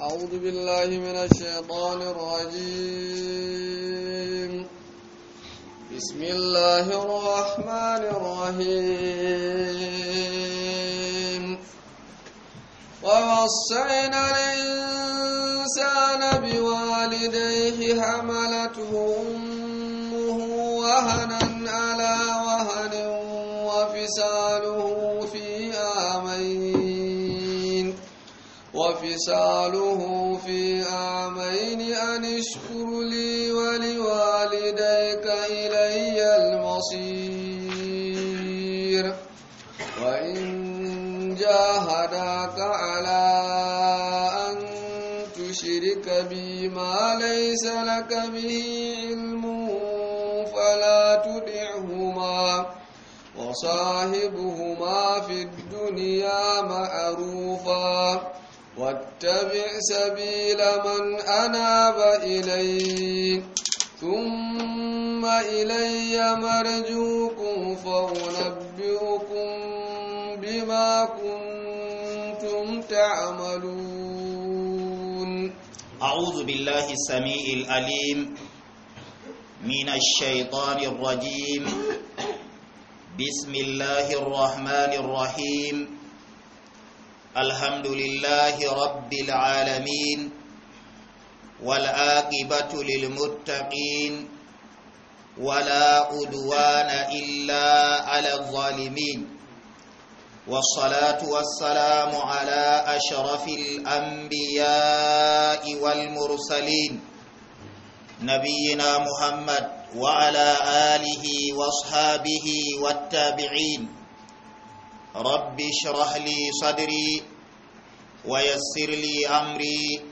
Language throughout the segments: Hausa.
أعوذ بالله من الشيطان الرجيم بسم الله الرحمن الرحيم ووصينا الإنسان بوالديه حملته أمه وهنا على وهن وفساله وفصاله في عامين أن اشكر لي ولوالديك إلي المصير وإن جاهداك على أن تشرك بي ما ليس لك به علم فلا تدعهما وصاحبهما في الدنيا معروفا واتبع سبيل من أناب إلي ثم إلي مرجوكم فأنبئكم بما كنتم تعملون أعوذ بالله السميع العليم من الشيطان الرجيم بسم الله الرحمن الرحيم الحمد لله رب العالمين والعاقبة للمتقين ولا أدوان إلا على الظالمين والصلاة والسلام على أشرف الأنبياء والمرسلين نبينا محمد وعلى آله واصحابه والتابعين رب اشرح لي صدري ويسر لي أمري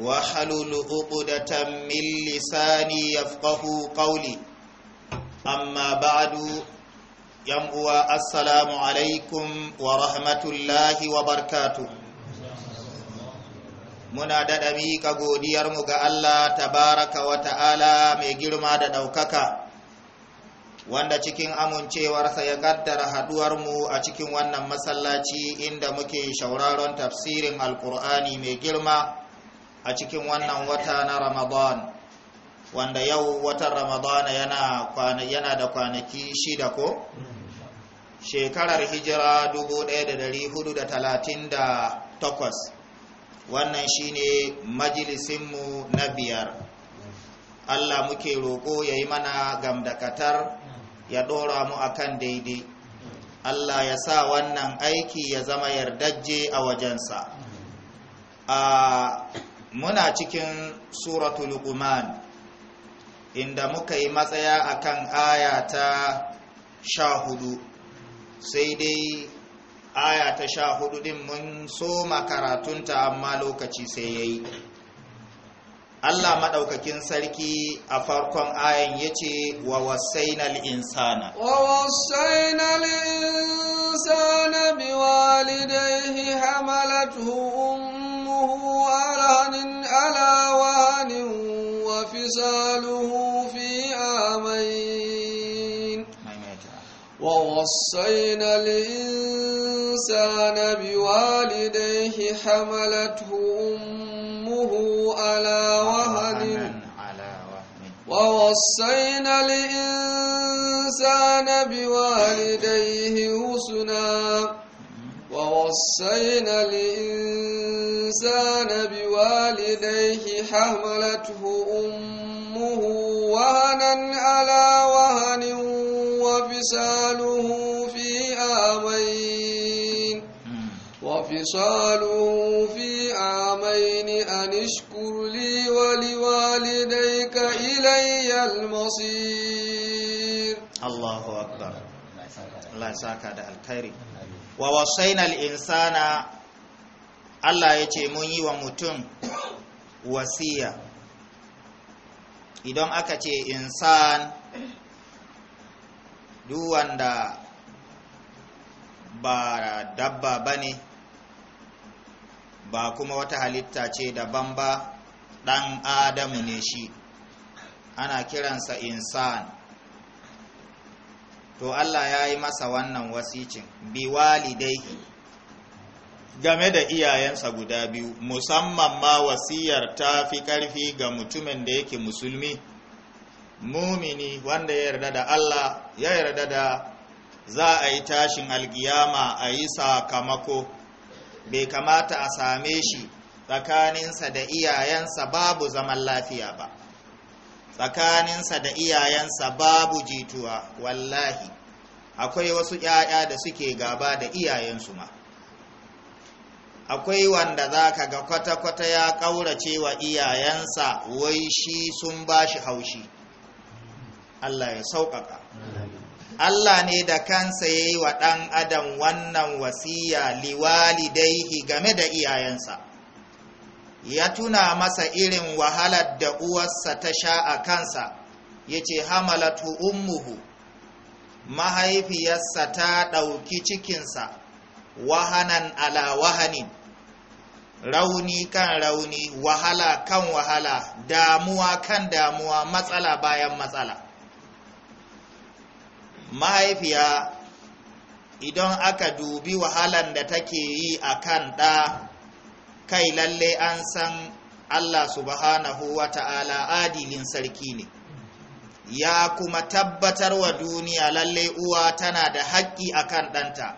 وحلل عقدة من لساني يفقه قولي أما بعد يمؤوا السلام عليكم ورحمة الله وبركاته muna daɗa miƙa godiyarmu ga Allah tabaraka wa ta'ala mai girma da ɗaukaka wanda cikin amincewarsa ya kaddara haduwarmu a cikin wannan masallaci inda muke shauraron tafsirin alkur'ani mai girma a cikin wannan wata na ramadan wanda yau watan ramadan yana, yana da kwanaki shida ko shekarar hijira 1438 wannan shine majalisinmu na biyar allah muke roƙo ya yi mana gamdakatar ya ɗora mu akan daidai Allah ya sa wannan aiki ya zama yardajje a wajensa a muna cikin suratul luqman inda muka yi matsaya akan aya ta sha hudu sai dai aya ta sha hudu din mun soma karatunta amma lokaci sai ya yi Allah maɗaukakin sarki a farkon ayan ya ce wa wasainal insana. Wa wasainal insana bi walidaihi hamalatu ummuhu alanin alawanin wa fisaluhu fi amain. Wa wasainal insana bi walidaihi hamalatu ummuhu فاحملوه على وهن ووصينا الإنسان بوالديه حسنا ووصينا الإنسان بوالديه حملته أمه وهنا على وهن وفصاله في آمين وفصاله في الحرمين أن اشكر لي ولوالديك إلي المصير الله أكبر الله يساك هذا الخير ووصينا الإنسان الله يتيمني ومتن wasiya idan aka ce insan duk wanda ba dabba ba ne ba kuma wata halitta ce daban ba ɗan adamu ne shi ana kiransa insan to Allah ya yi masa wannan wasicin biwalidaihi game da iyayensa guda biyu musamman ma wasiyar ta fi ƙarfi ga mutumin da yake musulmi mumini wanda ya yarda da Allah ya yarda da za a yi tashin alkiyama a yi sakamako bai kamata a same shi tsakaninsa da iyayensa babu zaman lafiya ba tsakaninsa da iyayensa babu jituwa wallahi akwai wasu ‘ya'ya da suke gaba da iyayensu ma akwai wanda za ka ga kwata-kwata ya ƙaurace wa iyayensa wai shi sun ba shi haushi Allah ya sauƙaƙa Allah ne da kansa ya yi wa ɗan adam wannan wasiya liwalidaihi game da iyayensa ya tuna masa irin wahalar da uwarsa ta sha a kansa ya ce hamalatu ummuhu mahaifiyarsa ta ɗauki cikinsa wahanan ala wahanin rauni kan rauni wahala kan wahala damuwa kan damuwa matsala bayan matsala mahaifiya idan aka dubi wahalan da take yi a kan ɗa kai lalle an san allah subhanahu wa ta'ala adilin sarki ne ya kuma tabbatar wa duniya lalle uwa tana da haƙƙi a kan ɗanta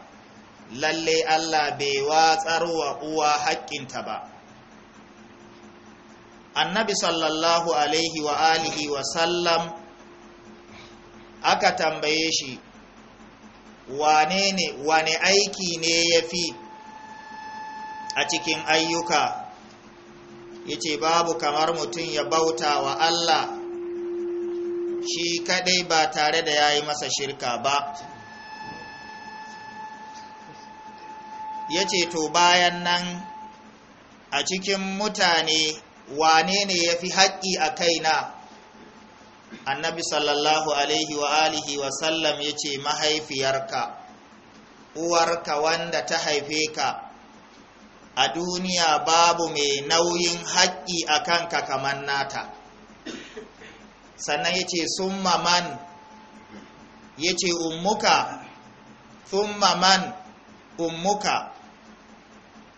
lalle allah bai watsar wa uwa haƙƙinta ba annabi sallallahu alaihi wa alihi wa sallam aka tambaye shi wane ne wane aiki ne ya fi a cikin ayyuka yace babu kamar mutum ya bauta wa Allah shi kadai ba tare da yayi masa shirka ba yace to bayan nan a cikin mutane wane ne ya fi haƙƙi a kaina annabi sallallahu alaihi wa alihi wa sallam ya ce mahaifiyarka uwarka wanda ta haife ka a duniya babu mai nauyin haƙƙi a kanka kamar nata sannan ya ce summa man ya ce ummuka summa man ummuka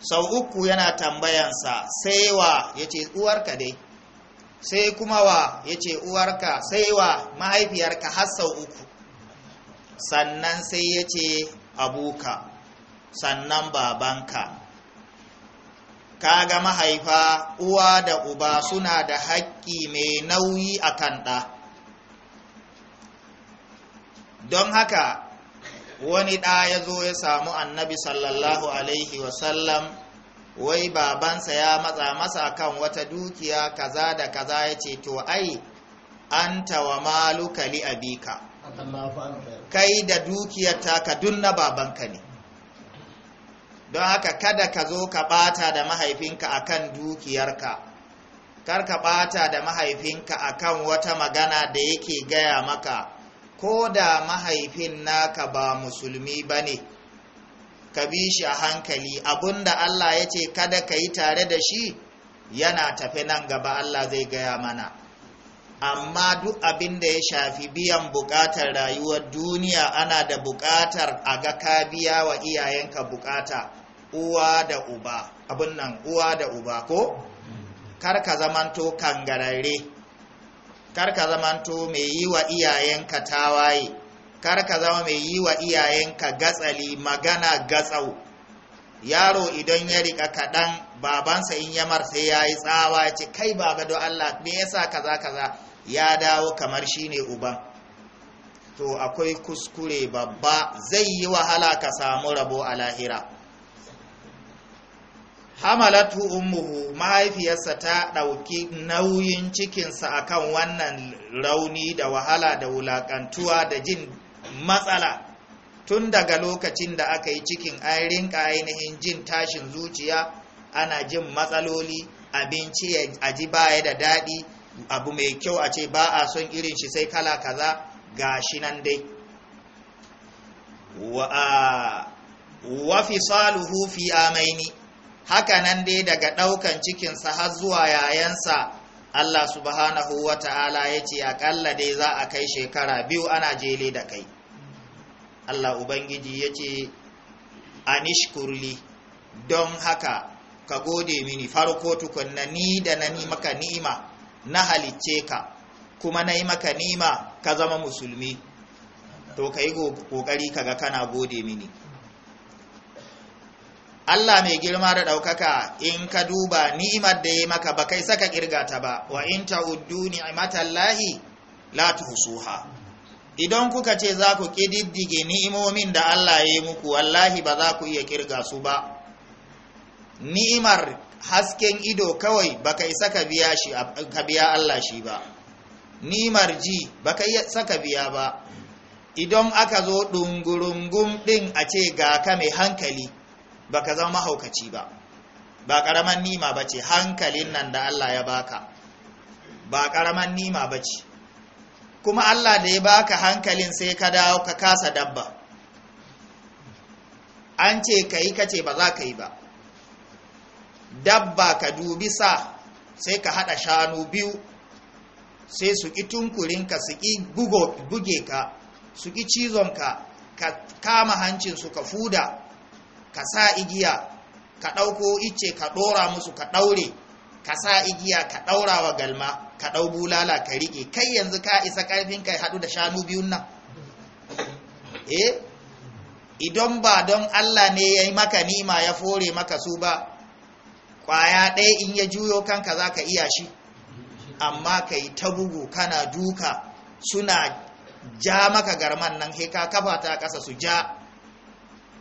sau uku yana tambayansa sai wa ya ce uwarka dai sai kuma wa ya ce uwarka sai wa mahaifiyarka har uku sannan sai ya ce abuka sannan babanka ga mahaifa uwa da uba suna da haƙƙi mai nauyi a kan ɗa don haka wani ɗa ya zo ya samu annabi sallallahu alaihi wasallam wai babansa ya matsa masa kan wata dukiya kaza da kaza ya ce to ai an tawa maluka li abika kai da dukiyar taka dun na babanka ne don haka kada ka zo ka bata da mahaifinka akan dukiyarka kar ka bata da mahaifinka akan wata magana da yake gaya maka ko da mahaifin naka ba musulmi ba ne ka bi shi a hankali abinda Allah ya ce kada ka yi tare da shi yana tafe nan gaba Allah zai gaya mana amma duk abin da ya shafi biyan bukatar rayuwar duniya ana da bukatar a ga ka biya wa iyayenka bukata uwa da uba abin nan uwa da uba ko kar ka zamanto kangararre kar ka zamanto mai yi wa iyayenka tawaye kar ka zama mai yi wa iyayenka gatsali magana gatsau yaro idan ya rika kaɗan babansa in ya marta ya yi tsawa ya ce kai baba don allah me yasa kaza kaza ya dawo kamar shine uban to akwai kuskure babba zai yi wahala ka samu rabo a lahira hamalatu ummuhu mahaifiyarsa ta ɗauki nauyin cikinsa akan wannan rauni da wahala da wulakantuwa da jin matsala tun daga lokacin da aka yi cikin ayirin ainihin jin tashin zuciya ana jin matsaloli abinci a ji baya da daɗi abu mai kyau a ce ba a son irin shi sai kala kaza ga shi nan dai wa fi saluhu fi amaini haka nan dai daga ɗaukan cikinsa har zuwa yayansa Allah subhanahu wa ta'ala ya ce aƙalla dai za a kai shekara biyu ana jele da kai Allah Ubangiji ya ce anishkurli don haka ka gode mini farko tukunna ni da na ni maka ni'ima na halicce ka kuma na yi maka ni'ima ka zama musulmi to ka yi kokari kaga kana gode mini Allah mai girma da ɗaukaka in ka duba ni'imar da ya maka ba kai saka kirgata ba wa in ta'uddu lahi? la husuha. idan kuka ce za ku ƙididdige ni'imomin da Allah ya yi muku wallahi ba za ku iya kirga su ba ni'imar hasken ido kawai baka isa ka biya shi ka biya Allah shi ba ni'imar ji baka iya saka biya ba idan aka zo dungurungum din a ce ga ka mai hankali baka zama mahaukaci ba ba karaman nima bace hankalin nan da Allah ya baka ba karaman nima bace kuma Allah da ya baka hankalin sai ka dawo ka kasa dabba an ce ka yi ka ba za ka yi ba dabba ka dubi sa sai ka haɗa shanu biyu sai su ƙi tunkurinka su ƙi buge ka su ƙi cizonka ka kama hancinsu ka fuda ka sa igiya ka ɗauko ice ka ɗora musu ka ɗaure ka sa igiya ka ɗaura wa galma ka ɗau bulala ka riƙe kai yanzu ka isa ƙarfin kai haɗu da shanu biyun nan eh idan ba don Allah ne ya yi maka nima ya fore maka su ba ƙwaya ɗaya in ya juyo kanka za ka iya shi amma ka yi ta bugu kana duka suna ja maka garman nan ka kafa ta ƙasa su ja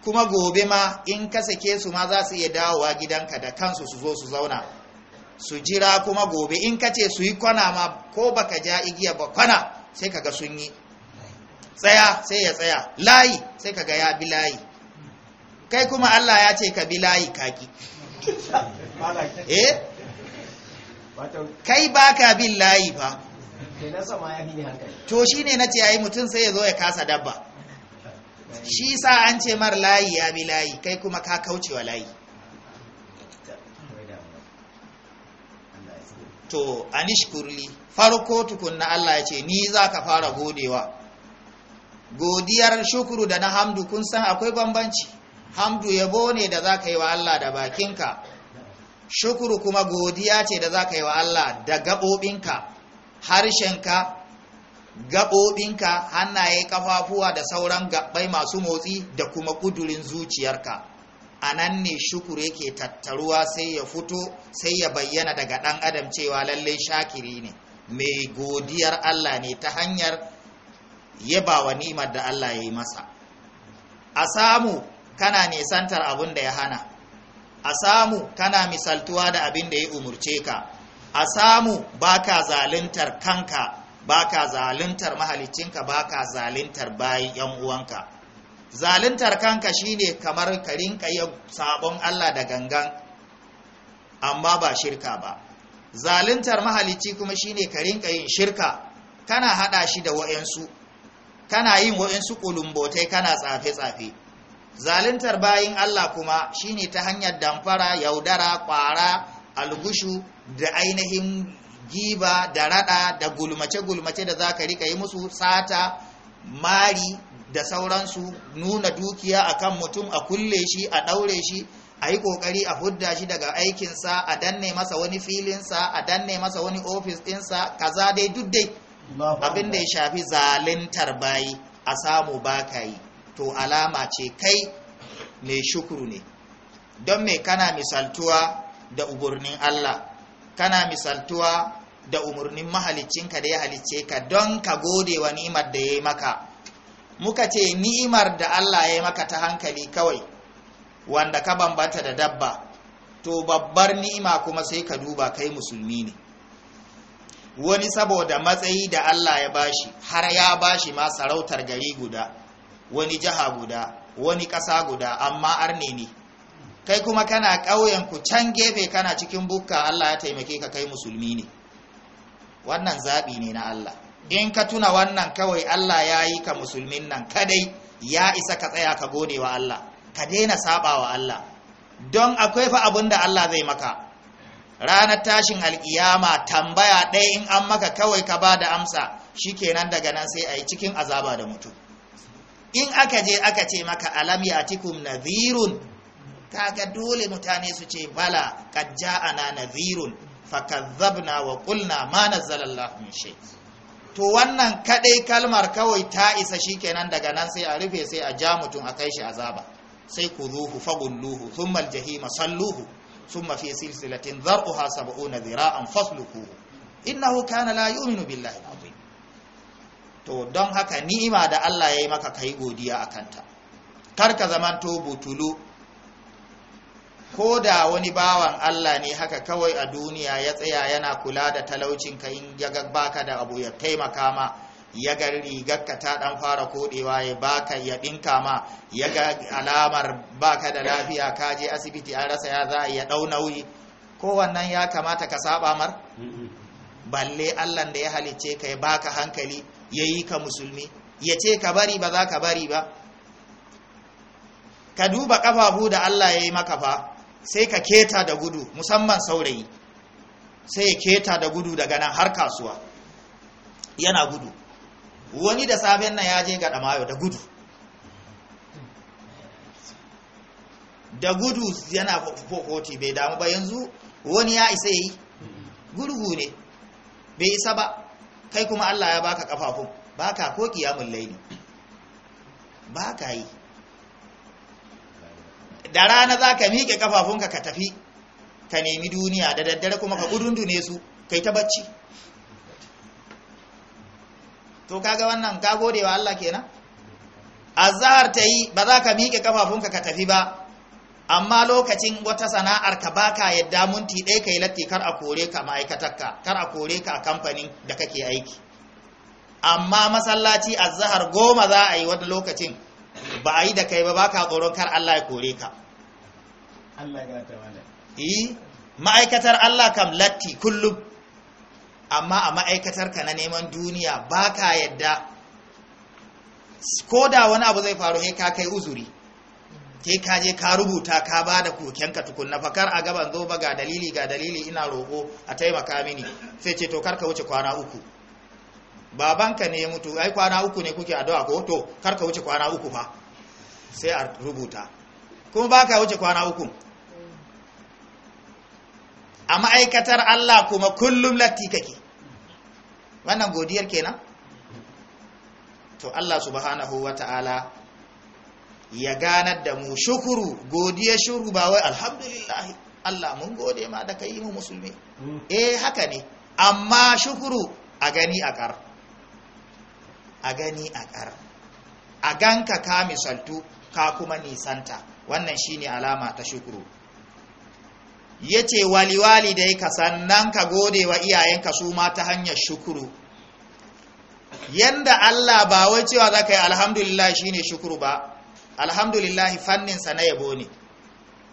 kuma gobe ma in ka sake su ma za su iya dawowa gidanka da kansu su zo su zauna su jira kuma gobe in ka ce su yi kwana ma ko baka ja igiya ba kwana sai ka ga sun yi tsaya sai ya tsaya layi sai kaga ya bi layi kai kuma Allah ya ce ka bi layi kaki eh kai baka bin layi fa to shine nace yayi mutum sai ya zo ya kasa dabba shi sa an ce mar layi ya bi layi kai kuma ka kaucewa layi to anishkurli farko tukunna Allah ya ce ni za ka fara godewa godiyar shukuru da na hamdu kun san akwai bambanci hamdu yabo ne da za ka yi wa Allah da bakinka shukuru kuma godiya ce da za ka yi wa Allah da gaɓoɓinka harshenka gaɓoɓinka hannaye kafafuwa da sauran gaɓai masu motsi da kuma ƙudurin zuciyarka a nan ne shukur yake tattaruwa sai ya fito sai ya bayyana daga ɗan adam cewa lallai shakiri ne mai godiyar Allah ne ta hanyar yaba wa nimar da Allah ya yi masa a samu kana nisantar abin da ya hana a samu kana misaltuwa da abin da ya umurce ka a samu baka zaluntar kanka baka zaluntar mahalicinka baka zaluntar bayan yan uwanka zaluntar kanka shine kamar ka rinka yin sabon Allah da gangan amma ba shirka ba zaluntar mahalicci kuma shine ka rinka yin shirka kana hada shi da wayansu kana yin wayansu kulumbotai kana tsafe tsafe zaluntar bayin Allah kuma shine ta hanyar damfara yaudara kwara algushu da ainihin giba da rada da gulmace gulmace da zaka rika yi musu sata mari da sauransu nuna dukiya a kan mutum a kulle shi a ɗaure shi a yi ƙoƙari a hudda shi daga aikinsa a danne masa wani filinsa a danne masa wani ofis ɗinsa kaza dai duk dai abin da ya shafi zalintar bayi a samu baka yi to alama ce kai mai shukuru ne don me kana misaltuwa da umarnin Allah kana misaltuwa da umarnin mahalicinka da ya halicce ka don ka gode wa ni'imar da ya yi maka muka ce ni'imar da Allah ya maka ta hankali kawai wanda ka bambata da dabba to babbar ni'ima kuma sai ka duba kai musulmi ne wani saboda matsayi da Allah ya bashi har ya bashi ma sarautar gari guda wani jiha guda wani ƙasa guda amma arne ne kai kuma kana ƙauyen ku can gefe kana cikin bukka Allah ya taimake ka kai musulmi ne wannan zaɓi ne na Allah in ka tuna wannan kawai Allah ya yi ka musulmin nan kadai ya isa ka tsaya ka gode wa Allah ka daina saba wa Allah don akwai fa abin da Allah zai maka ranar tashin alkiyama tambaya ɗaya in an maka kawai ka ba da amsa shi shikenan daga nan sai a yi cikin azaba da mutum in aka je aka ce maka alam Nazirun, nadhirun kaga dole mutane su ce bala qad Fa nadhirun fakazzabna wa qulna ma na min shay' to wannan kaɗai kalmar kawai ta isa shi shikenan daga nan sai a rufe sai a ja mutum a kai shi azaba sai ku zuhu fagulluhu thumma aljahima salluhu thumma fi silsilatin dhar'uha 70 dhira'an fasluhu innahu kana la yu'minu billahi azim to don haka ni'ima da Allah yayi maka kai godiya kanta. kar ka zamanto butulu ko da wani bawan Allah ne haka kawai a duniya ya tsaya yana kula da talaucin ka in ya baka da abu ya taimaka ma ya ga rigarka ta dan fara kodewa ya baka ya dinka ma ya ga alamar baka da lafiya ka je asibiti an rasa ya za a ya dau nauyi ko wannan ya kamata ka saba mar balle Allah da ya halicce ka ya baka hankali ya yi ka musulmi ya ce ka bari ba za ka bari ba ka duba kafafu da Allah ya yi maka fa sai ka keta da gudu musamman saurayi sai ya keta da gudu daga nan har kasuwa yana gudu wani da safen nan ya je ga damayo da gudu da gudu yana fokoti bai damu ba yanzu wani ya isa yi gurgu ne bai isa ba kai kuma Allah ya baka kafafun baka ko kiyamun laili baka yi da rana za ka miƙe kafafunka ka tafi ka nemi duniya da daddare kuma ka ne su yi ta bacci to kaga wannan ka gode wa Allah kenan azhar ta yi ba za ka miƙe kafafunka ka tafi ba amma lokacin wata sana'ar ka baka yadda munti ɗaya yi latti kar a kore ka ma'aikatarka kar a kore ka a kamfanin da kake aiki amma masallaci azhar goma za a yi wani lokacin ba a yi da kai ba baka tsoron kar Allah ya kore ka Allah ya ta eh, ma'aikatar Allah kam latti kullum amma a ma'aikatar ka na neman duniya ba ka yadda ko da wani abu zai faru sai ka kai uzuri ke ka je ka rubuta ka ba da kokenka tukunna fakar a gaban zo ba ga dalili ga dalili ina roƙo a taimaka mini sai ce to kar ka wuce kwana uku babanka ne ya mutu ai kwana uku ne kuke addu'a ko to kar ka wuce kwana uku fa sai a rubuta kuma baka wuce kwana uku a ma'aikatar Allah kuma kullum latti kake wannan godiyar kenan to Allah subhanahu ta'ala ya ganar da mu shukuru godiyar shukuru ba wai alhamdulillah Allah mun gode ma da kai mu musulmi eh haka ne amma shukuru a gani a kar a gani a kar a ganka ka misaltu ka kuma nisanta wannan shine alama ta shukuru ya ce waliwali da ka sannan ka gode wa iyayenka su ma ta hanyar shukuru yanda Allah ba wai cewa za ka yi alhamdulillah shi ne shukuru ba alhamdulillah fanninsa na yabo ne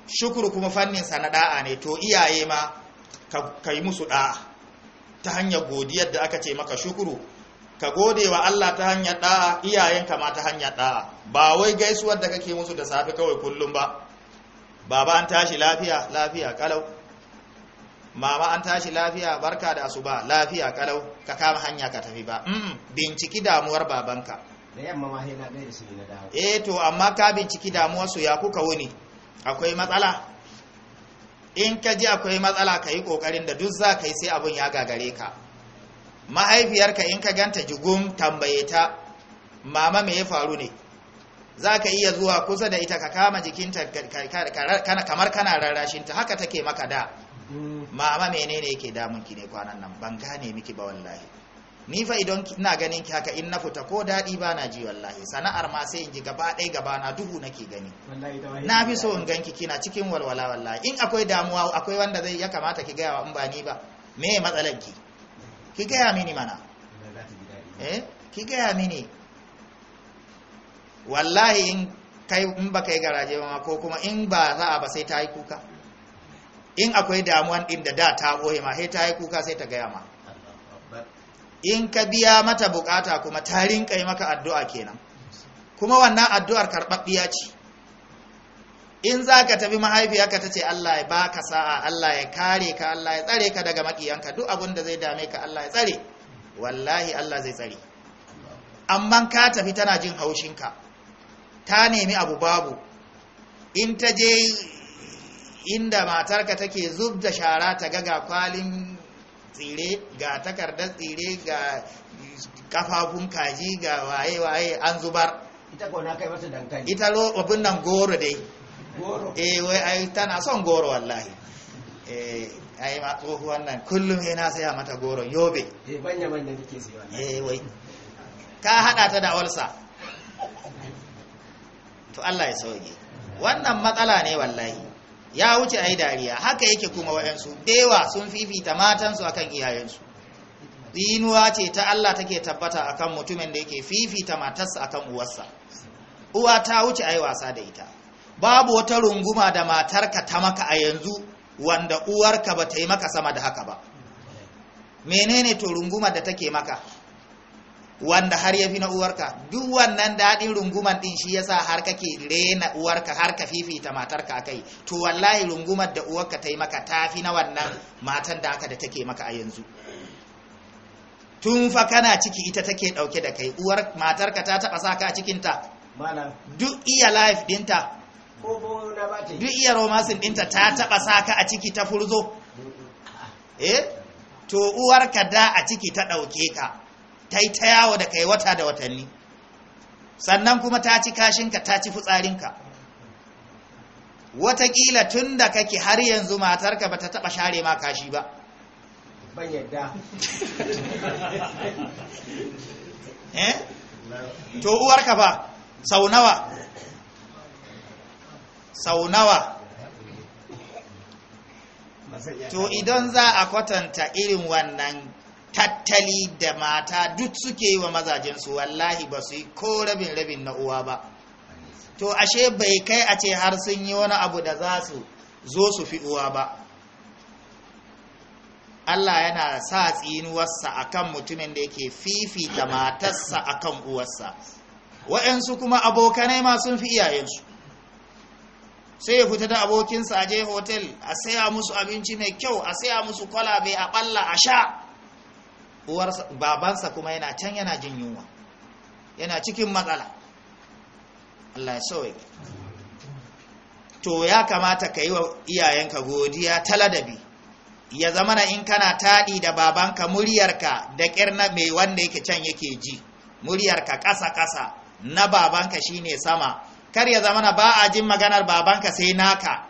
shukuru kuma fanninsa na da'a ne to iyaye ma ka yi musu da'a ta hanyar godiyar da aka ce maka shukuru ka gode wa Allah ta hanyar da'a iyayenka ma ta hanyar da'a ba wai gaisuwar da kake musu da safe kawai kullum ba baba an tashi lafiya lafiya kalau mama an tashi lafiya barka da asuba lafiya kalau ka kama hanya ka tafi ba mm, binciki damuwar babanka da yamma ma hina da su na dawo eh to amma ka binciki damuwar su ya kuka wuni akwai matsala in ka ji akwai matsala ka yi kokarin da duk za ka yi sai abun ya gagare ka mahaifiyarka in ka ganta jugum tambaye ta mama me ya faru ne za ka iya zuwa kusa da ita ka kama jikinta kamar kana ta haka take maka da mama menene yake damunki ne kwanan nan ban gane miki ba wallahi ni fa idan ina ganin ki haka in na fita ko daɗi ba na ji wallahi sana'ar ma sai in ji gaba ɗaya gaba na duhu nake gani na fi so in ganki kina cikin walwala wallahi in akwai damuwa akwai wanda zai ya kamata ki gaya wa in ba ni ba me matsalar ki ki gaya mini mana eh ki gaya mini wallahi in kai in baka yi garaje ba ko kuma in ba za a ba sai ta yi kuka in akwai damuwan din da da ta boye ma sai ta yi kuka sai ta gaya ma in ka biya mata bukata kuma ta rinka yi maka addu'a kenan kuma wannan addu'ar karɓaɓɓiya ce in za ka tafi mahaifiyarka ta ce Allah ya baka sa'a Allah ya kare ka Allah ya tsare ka daga maƙiyanka duk abin da zai dame ka Allah ya tsare wallahi Allah zai tsare amma ka tafi tana jin haushinka ta nemi abu babu in ta je inda matarka take zub da shara ta ga kwalin tsire ga takardar tsire ga kafafun kaji ga waye-waye an zubar ita na kai wata dankali ita lo abin nan goro dai goro eh wai ai tana son goro wallahi eh ai ma tsohu wannan kullum yana saya mata goro yobe eh banya banya take sayawa eh wai ka hada ta da olsa to Allah ya sauke wannan matsala ne wallahi ya wuce ai dariya haka yake kuma wayansu dewa sun fifita matansu akan iyayensu dinuwa ce ta Allah take tabbata akan mutumin da yake fifita matarsa akan uwarsa uwa ta wuce ai wasa da ita babu wata runguma da matarka ta maka a yanzu wanda uwarka ba ta yi maka sama da haka ba menene to runguma da take maka wanda har ya fi na uwarka duk wannan daɗin runguman ɗin shi yasa har kake rena uwarka har ka fifita matarka kai to wallahi rungumar da uwarka ta yi maka ta fi na wannan matan da aka da take maka a yanzu tun fa kana ciki ita take ɗauke da kai uwar matarka ta taɓa sa ka a cikinta duk iya life ɗinta duk iya romasin ɗinta ta taɓa sa ka a ciki ta furzo eh to uwarka da a ciki ta ɗauke ka ta yi ta yawo da kai wata da watanni sannan kuma ta ci kashinka ta ci fitsarinka watakila tun da kake har yanzu matarka ba ta taɓa share ma kashi ba eh? to uwarka ba sau nawa sau nawa to idan za a kwatanta irin wannan tattali da mata duk suke yi wa mazajensu wallahi ba su yi ko rabin rabin na uwa ba to ashe bai kai a ce har sun yi wani abu da za su zo su fi uwa ba Allah yana sa tsinuwarsa akan mutumin da yake fifita matarsa akan uwarsa wa'yansu kuma abokanai ma sun fi iyayensu sai ya fita da abokinsa a je hotel a saya musu abinci mai kyau a saya musu kwalabe a ɓalla a sha babansa kuma yana can yana jin yunwa yana cikin matsala Allah ya sauye to ya kamata ka yi wa iyayenka godiya ta ladabi ya zama na in kana taɗi da babanka muryarka da ƙirna mai wanda yake can yake ji muryarka ƙasa-ƙasa na babanka shine sama kar ya zama na ba a jin maganar babanka sai naka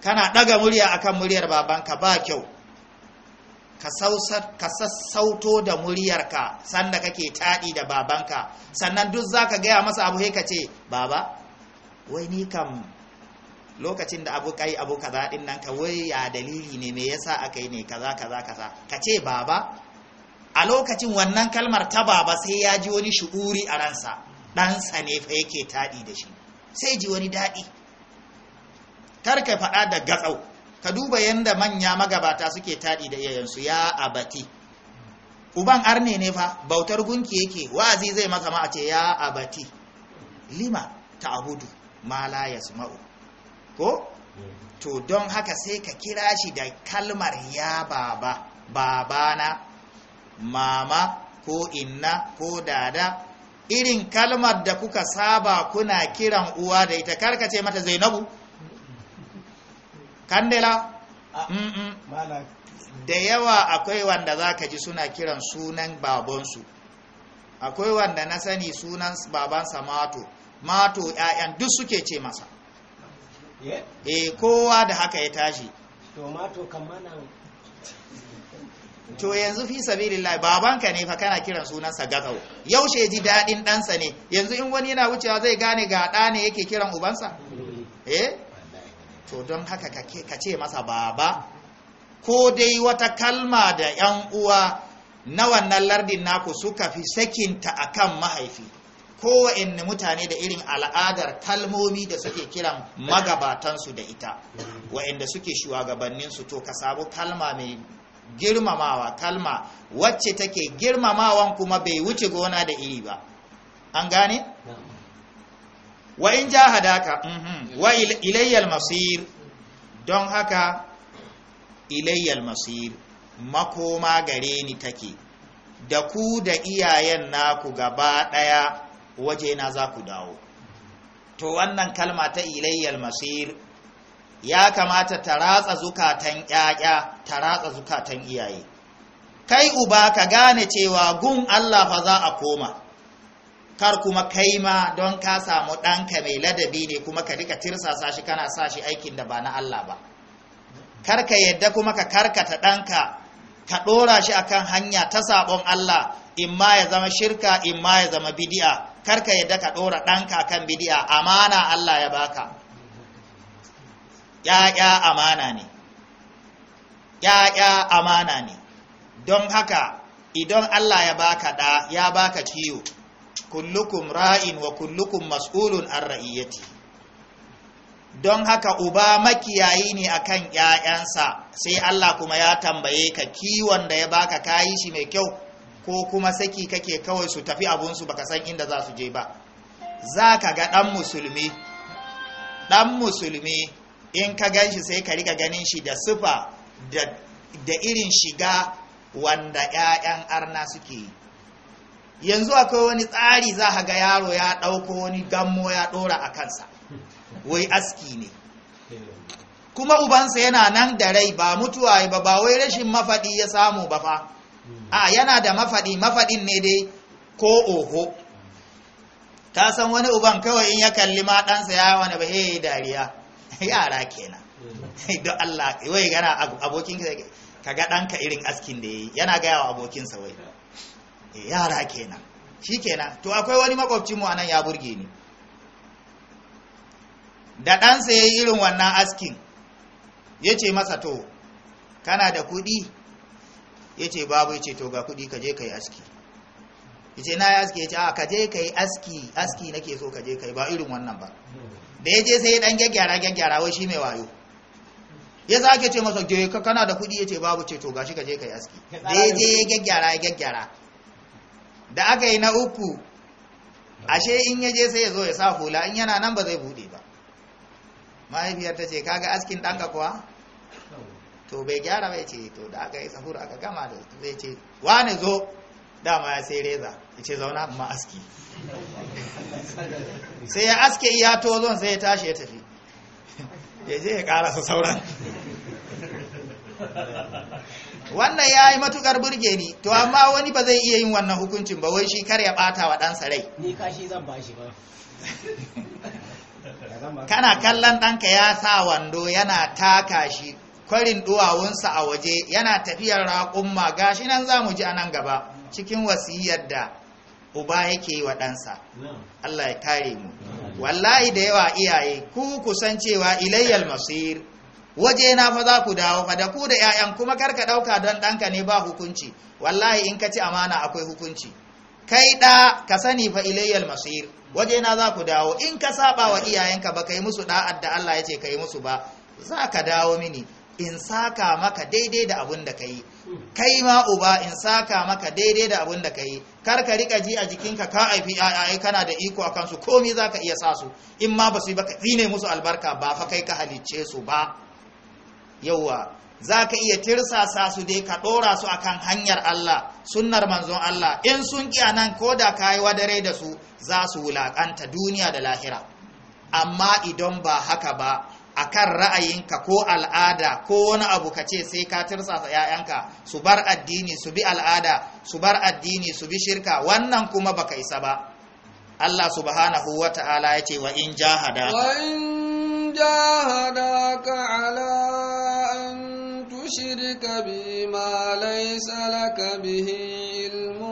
kana ɗaga murya akan muryar babanka ba kyau ka sassauto da muryarka sanda kake taɗi da babanka sannan duk za ka gaya masa abu ka ce baba wai ni kam lokacin da abu kai abu kaza din nan ka wai ya dalili ne me yasa yi ne kaza kaza kaza ka ce baba a lokacin wannan kalmar ta baba sai ya ji wani shuuri a ransa ɗansa ne fa yake taɗi da shi sai ji wani daɗi kar ka faɗa da gatsau ka duba yadda manya magabata suke taɗi da iyayensu ya abati uban arne ne fa bautar gunki yake wa'azi zai maka ma a ce ya abati lima abudu ma ya sumau. ko to don haka sai ka kira shi da kalmar ya baba babana mama ko inna ko dada irin kalmar da kuka saba kuna kiran uwa da ita karkace mata zainabu kandela ah, da yawa akwai wanda za ka ji suna kiran sunan babansu akwai wanda na sani sunan babansa mato mato 'ya'yan duk suke ce masa e kowa da haka ya tashi to yanzu fi sabilillah babanka ne fa kana kiran sunansa gakau yaushe ji daɗin ɗansa ne yanzu in wani yana wucewa zai gane ga ɗa ne yake kiran ubansa mm. eh to don haka ka ce masa baba ko dai wata kalma da 'yan uwa na wannan lardin naku suka fi sakinta akan mahaifi ko wa'in mutane da irin al'adar kalmomi da suke kiran magabatansu da ita wa'inda suke shugabanninsu to ka samu kalma mai girmamawa kalma wacce take girmamawan kuma bai wuce gona da iri ba an gane? wa in jahadaka mhm. wa ilayyal masir don haka ilayyal masir makoma gare ni take da ku da iyayen na ku gaba daya waje na za ku dawo to wannan kalma ta ilayyal masir ya kamata ta ratsa zukatan ƴaƴa ta ratsa zukatan iyaye kai uba ka gane cewa gun Allah fa za a koma kar kuma kai ma don ka samu ɗanka mai ladabi ne kuma ka rika tirsasa shi kana sa shi aikin da ba na Allah ba kar ka yadda kuma ka karkata ɗanka ka ɗora shi akan hanya ta sabon Allah in ma ya zama shirka in ma ya zama bidi'a kar ka yadda ka ɗora ɗanka akan bidi'a amana Allah ya baka ya'ya amana ne ya'ya amana ne don haka idan Allah ya baka ɗa ya baka ciwo kullukum ra'in wa kullukum mas'ulun an ra'iyati don haka uba makiyayi ne akan ‘ya'yansa sai Allah kuma ya tambaye ka kiwon da ya baka kayi shi mai kyau ko kuma saki kake kawai su tafi abun su baka san inda za su je ba za ka ga ɗan musulmi ɗan musulmi in ka gan shi sai ka riga ganin shi da sufa da irin shiga wanda ‘ya'yan arna suke yi yanzu akwai wani tsari za a ga yaro ya ɗauko wani gammo ya ɗora a kansa wai aski ne kuma ubansa yana nan da rai ba mutuwa ba ba wai rashin mafaɗi ya samu ba fa a yana da mafaɗi mafaɗin ne dai ko oho ta san wani uban kawai in ya kalli ma ɗansa ya wani ba hey eh, dariya yara kenan don Allah wai gana abokin ka ga ɗanka irin askin da ya yi yana gaya wa abokinsa wai yara kenan shi kenan to akwai wani makwabci mu anan ya burge ni da ɗansa ya yi irin wannan askin ya ce masa to kana da kuɗi ya ce babu ya ce to ga kuɗi ka je ka yi aski ya ce na yi aski ya ce a ka je ka yi aski aski nake so ka je ka yi ba irin wannan ba da ya je sai ya ɗan gyaggyara gyaggyara wai shi mai wayo ya sake ce masa je kana da kuɗi ya ce babu ce to gashi ka je ka yi aski da ya je ya gyaggyara ya gyaggyara da aka yi na uku ashe in ya je sai ya zo ya sa hula in yana nan ba zai buɗe ba mahaifiyar ta ce kaga askin ɗanka kuwa to bai gyara bai ce to da aka yi sahura aka gama da zai ce wane zo dama ya sai reza ya ce zauna ma aski sai ya aske iya tozon sai ya tashi ya tafi ya je ya ƙara su sauran wannan ya yi matukar burge ni to amma wani ba zai iya yin wannan hukuncin ba wai shi kar ya bata wa ɗansa rai ni kashi zan ba shi ba kana kallon ɗanka ya sa wando yana taka shi kwarin duwawunsa a waje yana tafiyar raƙumma gashi nan za mu ji a nan gaba cikin wasiyar da uba yake yi wa ɗansa Allah ya kare mu wallahi da yawa iyaye ku kusancewa ilayyal masir waje na fa za ku dawo fa da ku da ƴaƴan kuma kar ka ɗauka don ɗanka ne ba hukunci wallahi in ka ci amana akwai hukunci kai ɗa ka sani fa ilayyal masir waje na za ku dawo in ka saba wa iyayenka ba kai musu da'ad da Allah ya ce kai musu ba za ka dawo mini in saka maka daidai da abun da ka yi kai ma uba in saka maka daidai da abun da ka yi kar ka rika ji a jikinka ka haifi ai kana da iko a kansu komai za ka iya sa su in ma ba su yi ba ka musu albarka ba fa kai ka halicce su ba yauwa za ka iya tirsasa su dai ka ɗora su akan hanyar Allah sunnar manzon Allah in sun ƙi nan ko da ka yi wadare da su za su wulaƙanta duniya da lahira amma idan ba haka ba a kan ra'ayinka ko al'ada ko wani abu ka ce sai ka tirsasa ‘ya'yanka su bar addini su bi al'ada su bar addini su bi shirka wannan kuma baka isa ba Allah subhanahu wa ta'ala ya ce wa in jahadaka wa in jahadaka ala تشرك بما ليس لك به علم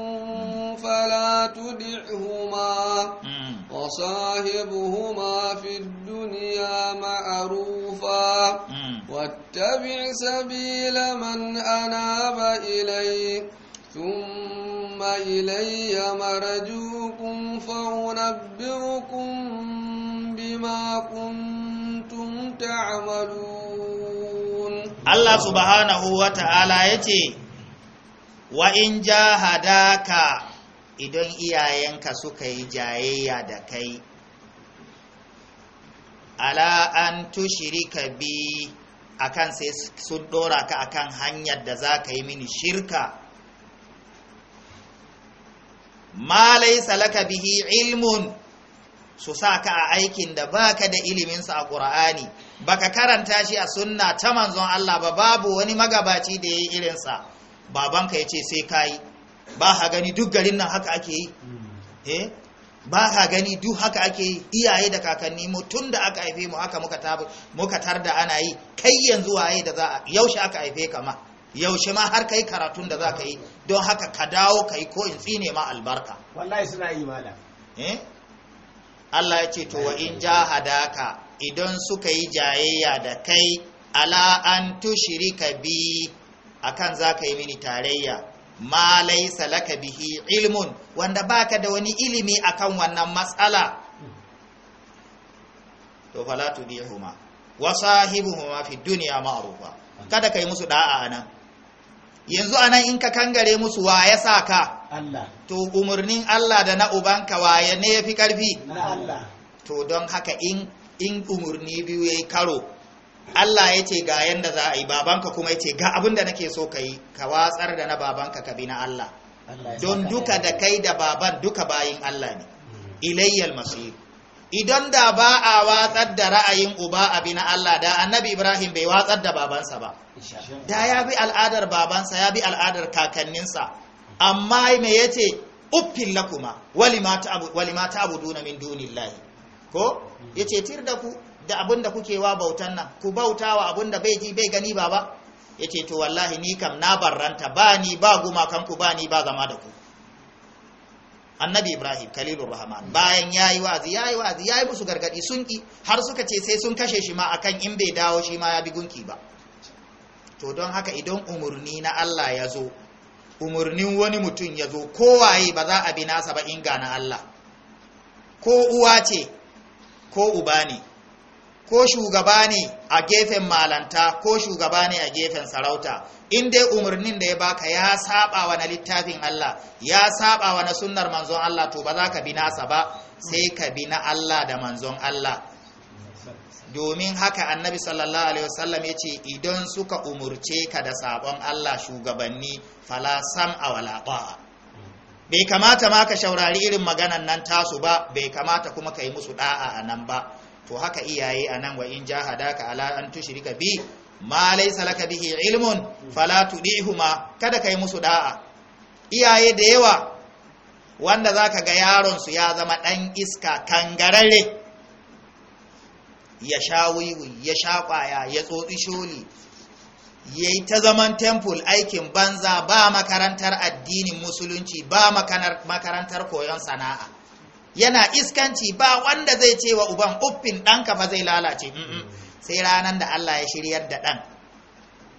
فلا تدعهما وصاحبهما في الدنيا معروفا واتبع سبيل من أناب إلي ثم إلي مرجوكم فأنبئكم بما كنتم تعملون Allah subhanahu wa ta'ala ya ce, Wa in ka idan iyayenka suka yi jayayya da kai, ala an tushirika bi akan sai sun ɗora ka akan hanyar da za ka yi mini shirka. Ma laisa laka bihi ilmun su sa ka a aikin da baka da iliminsa a ƙura'ani. baka karanta shi a sunna ta manzon Allah ba babu wani magabaci da yayi irin sa babanka yace sai kai ba ha gani duk garin nan haka ake yi eh ba ha gani duk haka ake yi iyaye da kakanni mu tun da aka haife mu haka muka tabu muka tarda ana yi kai yanzu waye da za a yaushe aka haife ka ma yaushe ma har kai karatun da za ka yi don haka ka dawo ka yi ko in tsine ma albarka wallahi suna yi mala eh Allah ya ce to wa in jahadaka idan suka yi jayayya da kai ala an tushirika bi akan ka yi mini tarayya ma laysa laka bihi ilmun wanda baka da wani ilimi akan wannan matsala to fala tudihuma wa sahibuhuma fi dunya ma'rufa kada kai musu da'a anan yanzu anan in ka kangare musu wa ya saka Allah to umurnin Allah da na ubanka ya ne fi karfi na Allah to don haka in in umarni biyu ya yi karo Allah ya ce ga yadda za a yi babanka kuma ya ce ga abin da nake so ka yi ka watsar da na babanka ka bi na Allah don duka da kai da baban duka bayin Allah ne mm. ilayyal masir idan da ba a watsar da ra'ayin uba a bi na Allah da annabi Ibrahim bai watsar da babansa ba da ya bi al'adar babansa ya bi al'adar kakanninsa amma me yace uffin lakuma walima abu min dunillahi ko ya ce tir da ku da abin da kuke wa bautan nan ku bauta wa abin da bai ji bai gani ba ba ce to wallahi ni kam na barranta ba ni ba gumakanku ku ba ni ba zama da ku annabi ibrahim khalilur rahman bayan yayi wa'azi yayi wa'azi yayi musu gargadi sun ki har suka ce sai sun kashe shi ma akan in bai dawo shi ma ya bi gunki ba to don haka idan umurni na Allah ya zo umurnin wani mutum ya zo kowaye ba za a bi nasa ba in ga na Allah ko uwa ce ko uba ne ko shugaba ne a gefen malanta ko shugaba ne a gefen sarauta in dai umarnin da ya baka ya saba wa na littafin Allah ya saba wa na sunnar manzon Allah to ba za ka bi nasa ba sai ka bi na Allah da manzon Allah domin haka annabi sallallahu alaihi wasallam ya ce idan suka umurce ka da sabon Allah shugabanni fala sam a wala bai kamata ma ka shaurari irin maganan nan tasu ba bai kamata kuma ka yi musu da'a a nan ba to haka iyaye a nan wa in jahadaka ala an tushrika bi ma laysa laka bihi ilmun fala tudihuma kada ka yi musu da'a iyaye da yawa wanda za ka ga yaron su ya zama dan iska kangarare ya sha wiwi ya sha kwaya ya tsotsi sholi ya yi ta zaman temple aikin banza ba makarantar addinin musulunci ba makarantar koyon sana'a yana iskanci ba wanda zai ce wa uban uffin ɗanka fa zai lalace sai ranar da Allah ya shiryar da ɗan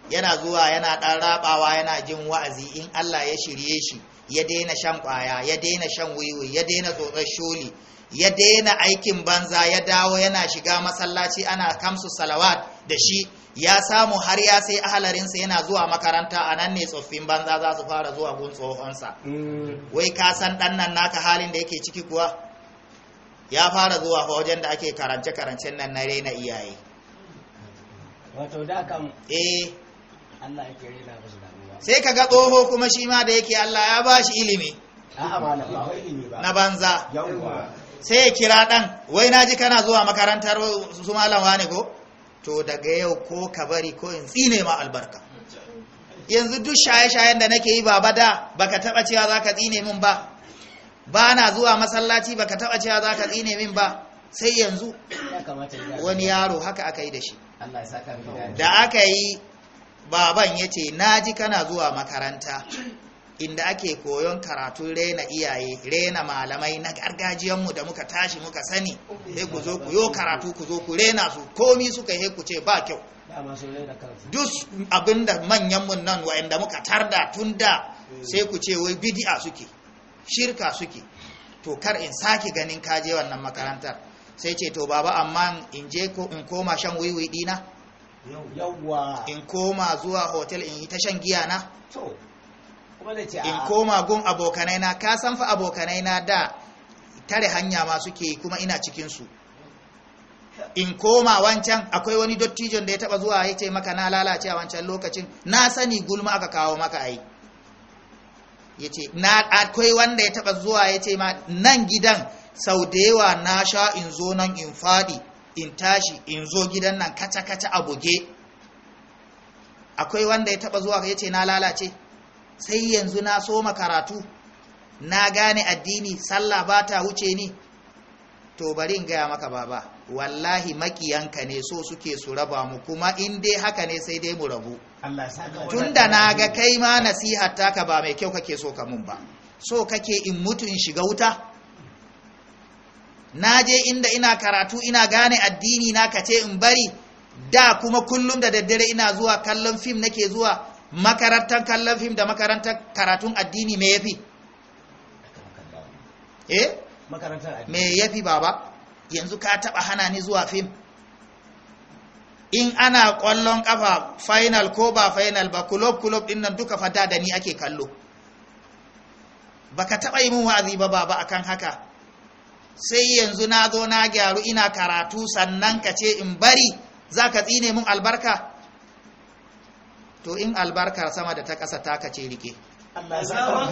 yana zuwa yana ɗan rabawa yana jin wa'azi in Allah ya shirye shi ya daina shan ƙwaya ya daina shan wiwi ya daina tsotsar sholi ya daina aikin banza ya dawo yana shiga masallaci ana kamsu salawat da shi ya samu har ya sai ahalarinsa yana zuwa makaranta a nan ne tsoffin banza za su fara zuwa gun tsohonsa mm. wai ka san dan nan naka halin da yake ciki kuwa ya fara zuwa wajen da ake karance-karancen nan na rena iyaye wato da kan eh Allah yake rena musu damuwa sai ka ga tsoho kuma shi ma da yake Allah ya ba shi ilimi a'a ba ilimi ba na banza sai ya kira dan wai naji kana zuwa makarantar su malam wane ko to daga yau ko ka bari ko in tsine ma albarka yanzu duk shaye-shayen da nake yi baba da baka taba cewa zaka tsine min ba ba zuwa masallaci baka taba cewa zaka tsine min ba sai yanzu wani yaro haka aka yi da shi da aka yi baban ya ce na ji kana zuwa makaranta inda ake koyon karatu rena iyaye rena malamai na gargajiyanmu da muka tashi muka sani sai ku zo ku yo karatu ku zo ku rena su komi suka yi ku ce ba kyau duk abinda manyanmu nan wa'anda muka tarda tun da sai ku ce wai bidi'a suke shirka suke to kar in sake ganin kaje wannan makarantar sai ce to baba amma in je ko in koma shan wiwi dina in koma zuwa hotel in yi ta shan giya na in koma gun abokanai na ka san fa abokanai na da tare hanya ma suke kuma ina cikin su in koma wancan akwai wani dottijon da ya taba zuwa yace maka na lalace a wancan lokacin na sani gulma aka kawo maka ai yace na akwai wanda ya taba zuwa yace ma nan gidan sau da yawa na sha in zo nan in faɗi in tashi in zo gidan nan kaca-kaca a buge akwai wanda ya taba zuwa yace na lalace sai yanzu na soma karatu na gane addini sallah ba ta wuce ni to bari in gaya maka baba wallahi makiyanka ne so suke su raba mu kuma in dai haka ne sai dai mu rabu tunda na ga kai ma nasihar taka ba mai kyau kake so ka mun ba so kake in mutu in shiga wuta na je inda ina karatu ina gane addini na kace in bari da kuma kullum da daddare ina zuwa kallon fim nake zuwa makarantar kallon fim da makarantar karatun addini mai yafi eh me yafi baba yanzu ka taba hana ni zuwa fim in ana kwallon kafa final ko ba final ba kulob kulob din nan duka fata da ni ake kallo baka taba yi min wa'azi ba baba akan haka sai yanzu na zo na gyaru ina karatu sannan ka ce in bari za ka tsine mun albarka to in albarkar sama da ta ƙasa ta ce rike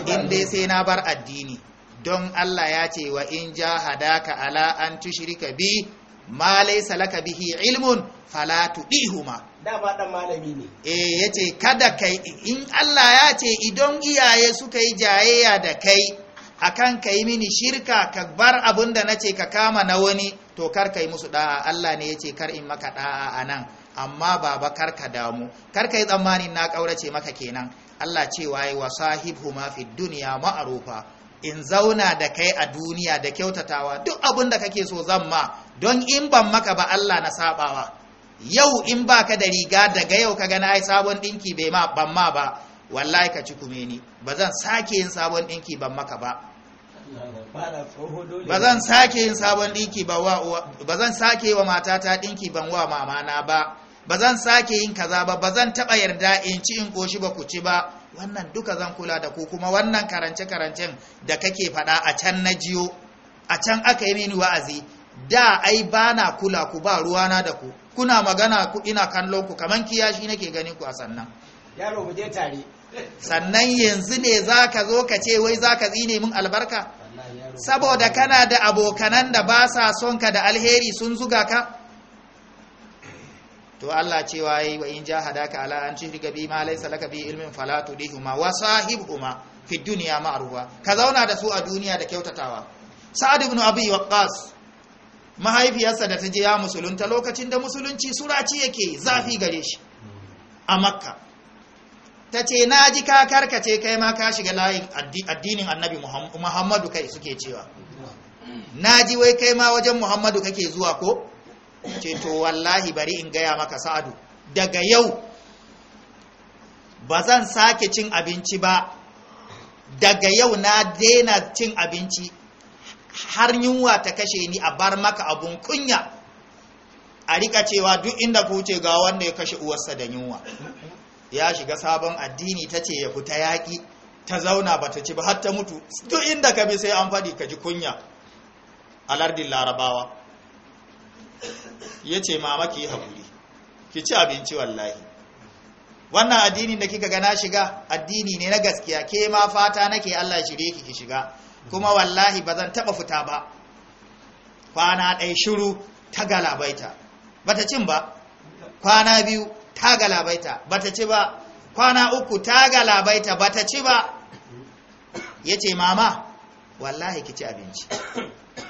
in dai sai na bar addini don Allah ya ce wa in ja hadaka ala an tushrika bi ma laysa laka bihi ilmun fala tudihuma dama dan malami ne eh yace kada kai in Allah ya ce idan iyaye suka yi jayayya da kai akan kai mini shirka ka bar abunda nace ka kama na wani to kar kai musu da'a Allah ne yace kar in maka da'a anan amma baba karka damu karka yi tsammanin na ƙaurace maka kenan Allah cewa yi wa sahibu fi duniya ma'arufa in zauna da kai a duniya da kyautatawa duk abin da kake so zan ma don in ban maka ba Allah na sabawa yau in ba ka da riga daga yau ka gana ai sabon ɗinki bai ma ban ma ba wallahi ka ci kume ni ba zan sake yin sabon ɗinki ban maka ba ba zan sake yin sabon dinki matata dinki ban wa mamana ba ba zan sake yin kaza ba ba zan taba yarda in ci in koshi ba ku ci ba wannan duka zan kula da ku kuma wannan karance karancen da kake faɗa a can na jiyo a can aka yi mini wa'azi da ai ba na kula ku ba ruwana da ku kuna magana ku ina kallon ku kaman kiyashi nake ganin ku a sannan yaro mu je tare sannan yanzu ne zaka zo ka ce wai zaka zine min albarka saboda kana da abokanan da ba sa son ka da alheri sun zuga ka to Allah cewa yi wa in ka ala an tushrika bi ma laisa laka bi ilmin fala tudihuma wa sahibhuma fi dunya ma'ruwa ka zauna da su a duniya da kyautatawa sa'ad ibn abi waqqas mahaifiyarsa da ta je ya musulunta lokacin da musulunci suraci yake zafi gare shi a makka ta ce na ji ka ce kai ma ka shiga layin addinin annabi muhammadu kai suke cewa na ji wai kai ma wajen muhammadu kake zuwa ko ce to wallahi bari in gaya maka sa'adu daga yau ba zan sake cin abinci ba daga yau na daina cin abinci har yunwa ta kashe ni a bar maka abun kunya a rika cewa duk inda ku ce ga wanda ya kashe uwarsa da yunwa ya shiga sabon addini ta ce ya fita yaƙi ta zauna ba ta ci ba har ta mutu duk inda ka bi sai an faɗi ka ji kunya a lardin larabawa ya ce mama ki haƙuri ki ci abinci wallahi wannan addinin da kika gana shiga addini ne na gaskiya ke ma fata nake allah shirye ki ki shiga kuma wallahi ba zan taɓa fita ba kwana ɗaya shiru ta galabaita Ba ta cin ba kwana biyu ta galabaita ta ci ba kwana uku ta galabaita ta ci ba Ya ce, mama wallahi ki ci abinci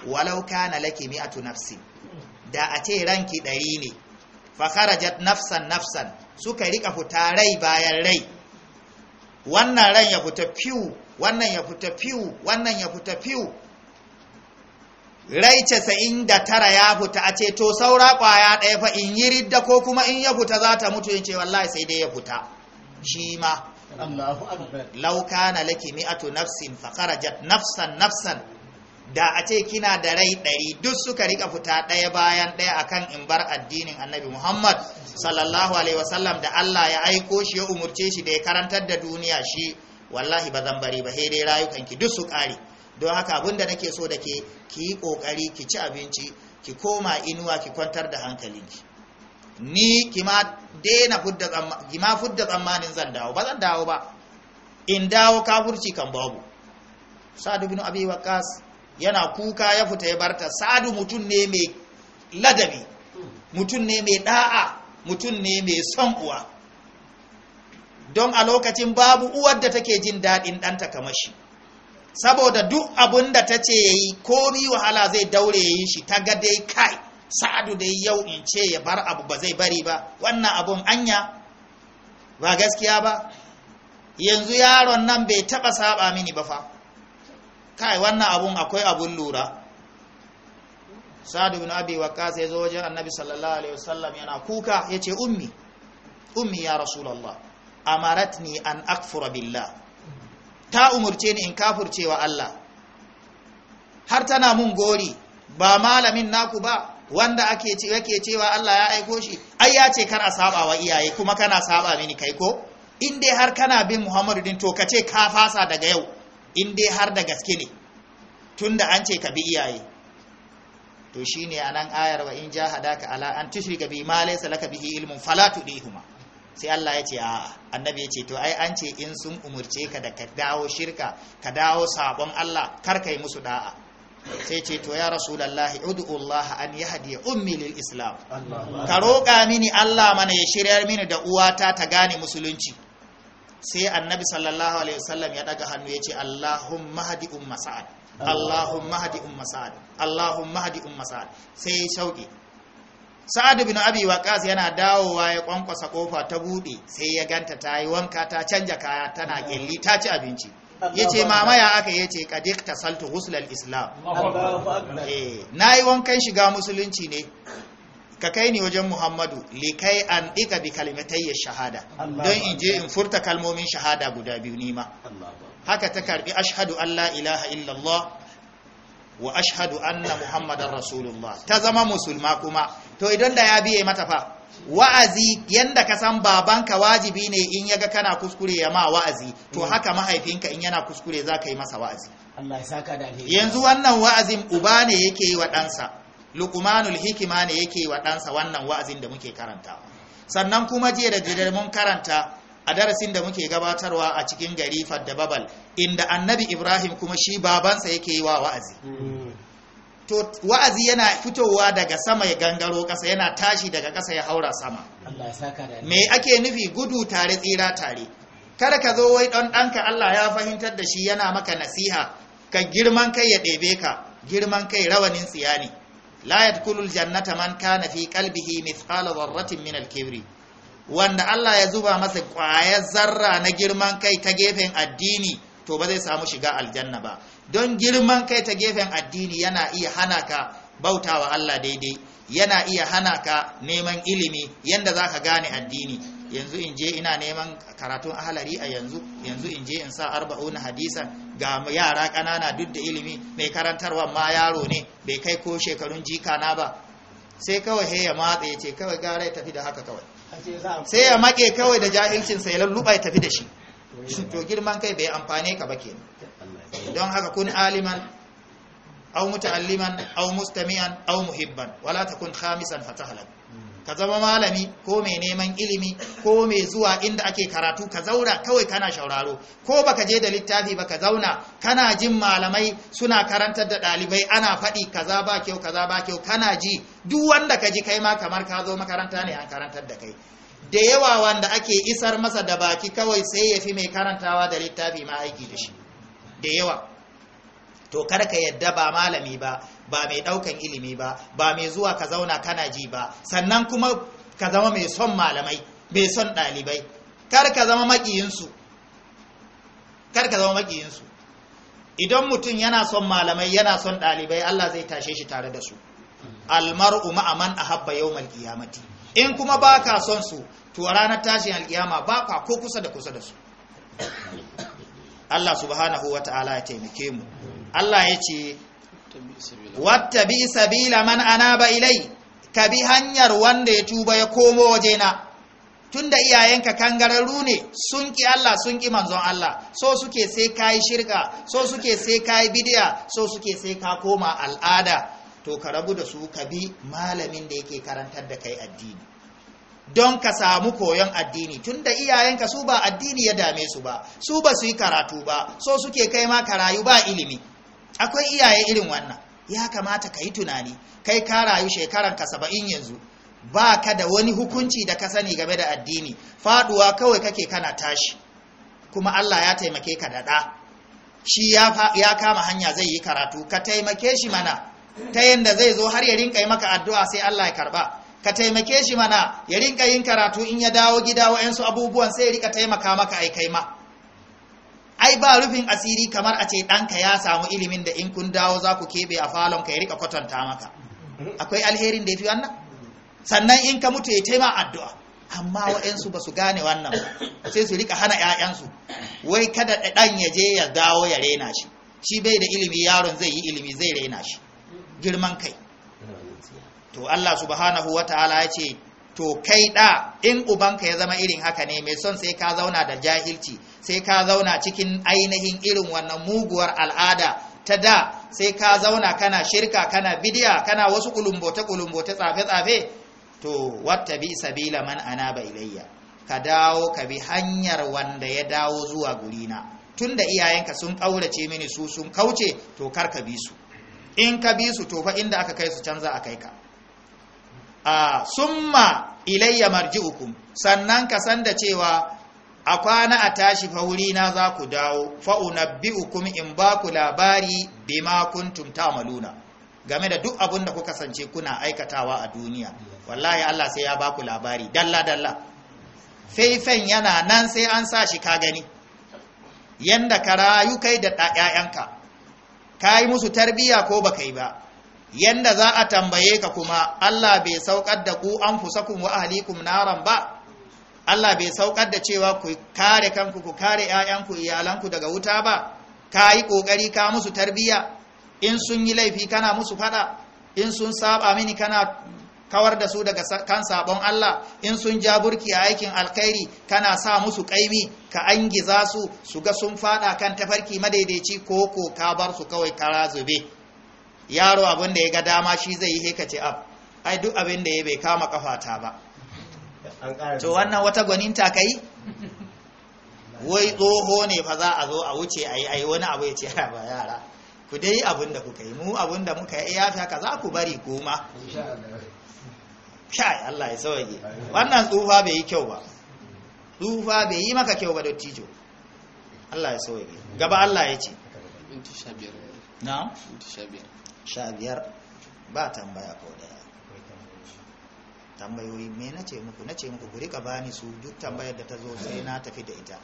walau kana laki mi'atu nafsi da a ce ranki ɗari ne Fakarajat nafsan nafsan suka rika fita rai bayan rai wannan ran ya fita fiwu, wannan ya fita fiwu, wannan ya fita fiwu. rai casa'in da tara ya fita a ce to saura kwaya ɗaya fa in yi ridda ko kuma in ya fita za ta mutu in ce wallahi sai dai ya fita shi ma lauka na laki mi'atu nafsin jat nafsan nafsan da a ce kina da rai ɗari duk suka rika fita ɗaya bayan ɗaya akan in bar addinin annabi muhammad sallallahu alaihi wasallam da allah ya aiko shi ya umurce shi da ya karantar da duniya shi wallahi ba zan bari ba sai dai rayukanki duk su ƙare don haka abin da nake so da ke ki yi ƙoƙari ki ci abinci ki koma inuwa ki kwantar da hankalinki ni ki ma fudda tsammanin zan dawo ba zan dawo ba in dawo kafurci kan babu sadu bin abi waqas yana kuka ya fita ya barta sadu mutum ne mai ladabi mutum ne mai da'a mutum ne mai son uwa don a lokacin babu uwar da take jin daɗin ɗanta kamar shi saboda duk abun da ta ce ya yi komi wahala zai daure ya yi shi ta ga dai kai sa'adu dai yau in ce ya bar abu ba zai bari ba wannan abun anya ba gaskiya ba yanzu yaron nan bai taba saba mini ba fa kai wannan abun akwai abun lura sa'adu bin abi waqqas ya zo wajen annabi sallallahu alaihi wasallam yana kuka yace ummi ummi ya rasulullah amaratni an akfura billah ta umurce ni in kafurcewa Allah har tana mun gori ba malamin naku ba wanda ake ce yake cewa Allah ya aiko shi ai ya ce kar a saba wa iyaye kuma kana saba mini kai ko in dai har kana bin Muhammadu din to ka ce ka fasa daga yau in dai har da gaske ne tunda an ce ka bi iyaye to shine anan ayar wa in jahadaka ala an tushrika bi ma laysa laka bihi ilmun fala tudihuma sai Allah ya ce a annabi ya ce to ai an ce in sun umurce ka da ka dawo shirka ka dawo sabon Allah kar kai musu da'a sai ce to ya rasulullahi ud'u Allah an yahdi ummi lil islam ka roƙa mini Allah mana ya shiryar mini da uwata ta gane musulunci sai annabi sallallahu alaihi wasallam ya daga hannu ya ce Allahumma hadi umma sa'ad Allahumma hadi umma sa'ad Allahumma hadi umma sa'ad sai ya shauke sa'ad bin abi waqas yana dawowa ya kwankwasa kofa ta buɗe, sai ya ganta ta yi wanka ta canja kaya tana gilli ta ci abinci yace mama ya aka yace ta saltu husulal islam eh yi wankan shiga musulunci ne ka kai ni wajen muhammadu likai an ɗika bi ya shahada don in je in furta kalmomin shahada guda biyu nima haka ta karbi ashhadu an la ilaha illallah wa ashhadu anna rasulun rasulullah ta zama musulma kuma to idan da ya biye mata fa wa'azi yanda ka san babanka wajibi ne in yaga kana kuskure ya ma wa'azi to mm. haka mahaifinka in yana kuskure za ka yi masa wa'azi yanzu wannan wa'azin uba ne yake yi wa ɗansa luqmanul hikima ne yake yi wa ɗansa wannan wa'azin da muke karanta? sannan kuma jiya da jiya mun karanta a darasin da muke gabatarwa a cikin gari da babal inda annabi ibrahim kuma shi babansa yake yi wa wa'azi to wa'azi yana fitowa daga sama ya gangaro ƙasa yana tashi daga ƙasa ya haura sama me ake nufi gudu tare tsira tare kada ka zo wai ɗan ɗanka allah ya fahimtar da shi yana maka nasiha ka girman kai ya ɗebe ka girman kai rawanin tsiyani ne la yadkhulul jannata man kana fi qalbihi mithqala dharratin min al-kibri wanda Allah ya zuba masa ƙwayar zarra na girman kai ta gefen addini to ba zai samu shiga aljanna ba don girman kai ta gefen addini yana iya hana ka bautawa Allah daidai yana iya hana ka neman ilimi yanda za ka gane addini yanzu in je ina neman karatun ahalari a yanzu yanzu in je in sa arba'una hadisan ga yara ƙanana duk da ilimi mai karantarwa ma yaro ne bai kai ko shekarun jika na ba sai kawai he ya matsa ya ce kawai gara tafi da haka kawai sai ya make kawai da jahilcin ya lalluɓa ya tafi da shi to girman kai bai amfane ka ba don haka kun aliman au muta'alliman au mustami'an au muhibban wala takun khamisan fatahlak ka zama malami ko mai neman ilimi ko mai zuwa inda ake karatu ka zauna kawai kana shauraro ko baka je da littafi ba ka zauna kana jin malamai suna karantar da dalibai ana faɗi kaza ba kyau kaza ba kyau kana ji duk wanda ka ji kai ma kamar ka zo makaranta ne an karantar da kai da yawa wanda ake isar masa da baki kawai sai ya fi mai karantawa da littafi ma aiki da shi da yawa to kar ka yadda ba malami ba ba mai daukan ilimi ba ba mai zuwa ka zauna kana ji ba sannan kuma ka zama mai son malamai mai son dalibai kar ka zama makiyinsu kar ka zama idan mutum yana son malamai yana son ɗalibai, Allah zai tashe shi tare da su almar'u ma'a man ahabba yawmal qiyamati in kuma baka son su to ranar tashin alkiyama ba ka ko kusa da kusa da su Allah subhanahu wata'ala ya taimake mu Allah ya ce wattabi sabila man anaba ilai ka bi hanyar wanda ya tuba ya komo wajena tunda iyayenka kangararru ne sun ki Allah sun ki manzon Allah so suke sai kai shirka so suke sai kai bid'a so suke sai ka koma al'ada to ka rabu da su ka bi malamin da yake karantar da kai addini don ka samu koyon addini tunda iyayenka su ba addini ya dame su ba su ba su yi karatu ba so suke kai ma ka rayu ba ilimi akwai iyaye irin wannan ya kamata ka yi tunani kai ka rayu shekaran ka saba'in yanzu ba ka da wani hukunci da ka sani game da addini faduwa kawai kake kana tashi kuma Allah ya taimake ka da ɗa shi ya kama hanya zai yi karatu ka taimake shi mana ta yadda zai zo har ya rinka yi maka addu'a sai Allah ya karba ka taimake shi mana ya rinka yin karatu in ya dawo gida wa'yansu abubuwan sai ya rika taimaka maka ai kai ma ai ba rufin asiri kamar a ce ɗanka ya samu ilimin da in kun dawo za ku keɓe a falon ka ya rika kwatanta maka akwai alherin da ya fi wannan sannan in ka mutu ya taima addu'a amma wa'yansu ba su gane wannan sai su rika hana 'ya'yansu wai kada ɗan ya je ya dawo ya rena shi shi bai da ilimi yaron zai yi ilimi zai rena shi girman kai to Allah subhanahu ta'ala ya ce to kai da in ubanka ya zama irin haka ne mai son sai ka zauna da jahilci sai ka zauna cikin ainihin irin wannan muguwar al'ada ta da sai ka zauna kana shirka kana bidiya kana wasu kulumbote kulumbote tsafe tsafe to wata bi sabila man ba ilayya ka dawo ka bi hanyar wanda ya dawo zuwa gurina tunda iyayenka sun kaurace mini su sun kauce to kar ka bi su in ka bi su tofa inda aka kai su canza a kai ka a summa ilayya marji'ukum sannan ka san da cewa a kwana a tashi fauri na za ku dawo hukum in ba ku labari bima kuntum ta'maluna game da duk abin da kuka sance kuna aikatawa a duniya wallahi Allah sai ya ba ku labari dalla dalla faifen yana nan sai an sa shi ka gani yanda ka rayu kai da 'ya'yanka ka yi musu tarbiya ko ba yi ba yanda za a tambaye ka kuma Allah bai saukar da ku an anfusakum wa ahlikum naran ba Allah bai saukar da cewa ku kare kanku ku kare ƴaƴanku iyalanku daga wuta ba ka yi kokari ka musu tarbiya in sun yi laifi kana musu fada in sun saba mini kana kawar da su daga kan sabon Allah in sun ja burki a aikin alkhairi kana sa musu kaimi ka angiza su su ga sun fada kan tafarki madaidaici ko ko ka bar su kawai kara zube yaro abin da ya ga dama shi zai yi ce ab ai duk abin da ya bai kama kafata ba to wannan wata gwanin takai wai tsoho ne fa za a zo a wuce a yi wani abu ya ce ba yara ku dai abin da kuka yi mu abin da muka yi ya fi haka za ku bari kuma kai Allah ya sauke wannan tsufa bai yi kyau ba tsufa bai yi maka kyau ba dattijo Allah ya sauke gaba Allah ya ce minti na 15 ba tambaya ko daya tambayoyi me nace muku nace muku ku rika bani su duk tambayar da ta zo sai na tafi da ita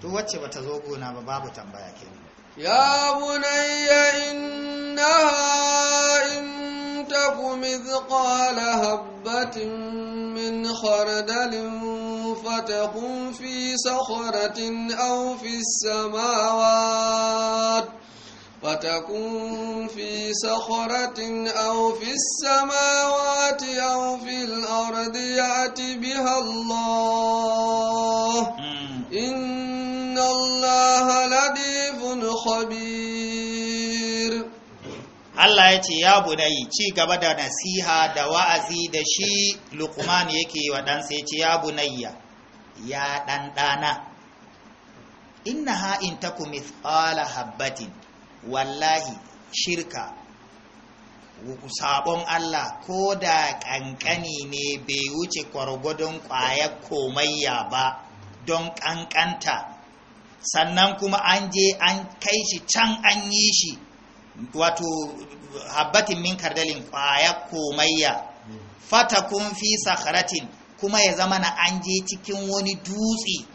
to wacce bata zo gona ba babu tambaya kenan ya bunayya innaha in تك مثقال هبة من خردل فتكن في صخرة أو في السماوات فتكون في صخرة أو في السماوات أو في الأرض يأتي بها الله إن الله لطيف خبير Allah ya ce ya bunayi ci gaba da nasiha da wa'azi da shi lukman yake wa ɗansa ya ce ya bunayya ya ɗanɗana inna ha'in ta ku mithqala habbatin wallahi shirka sabon Allah ko da ƙanƙani ne bai wuce kwargwadon ƙwayar komayya ba don ƙanƙanta sannan kuma an je an kai shi can an yi shi wato habbatin min kardalin kwaya komayya kun fi sakharatin kuma ya zama na an je cikin wani dutse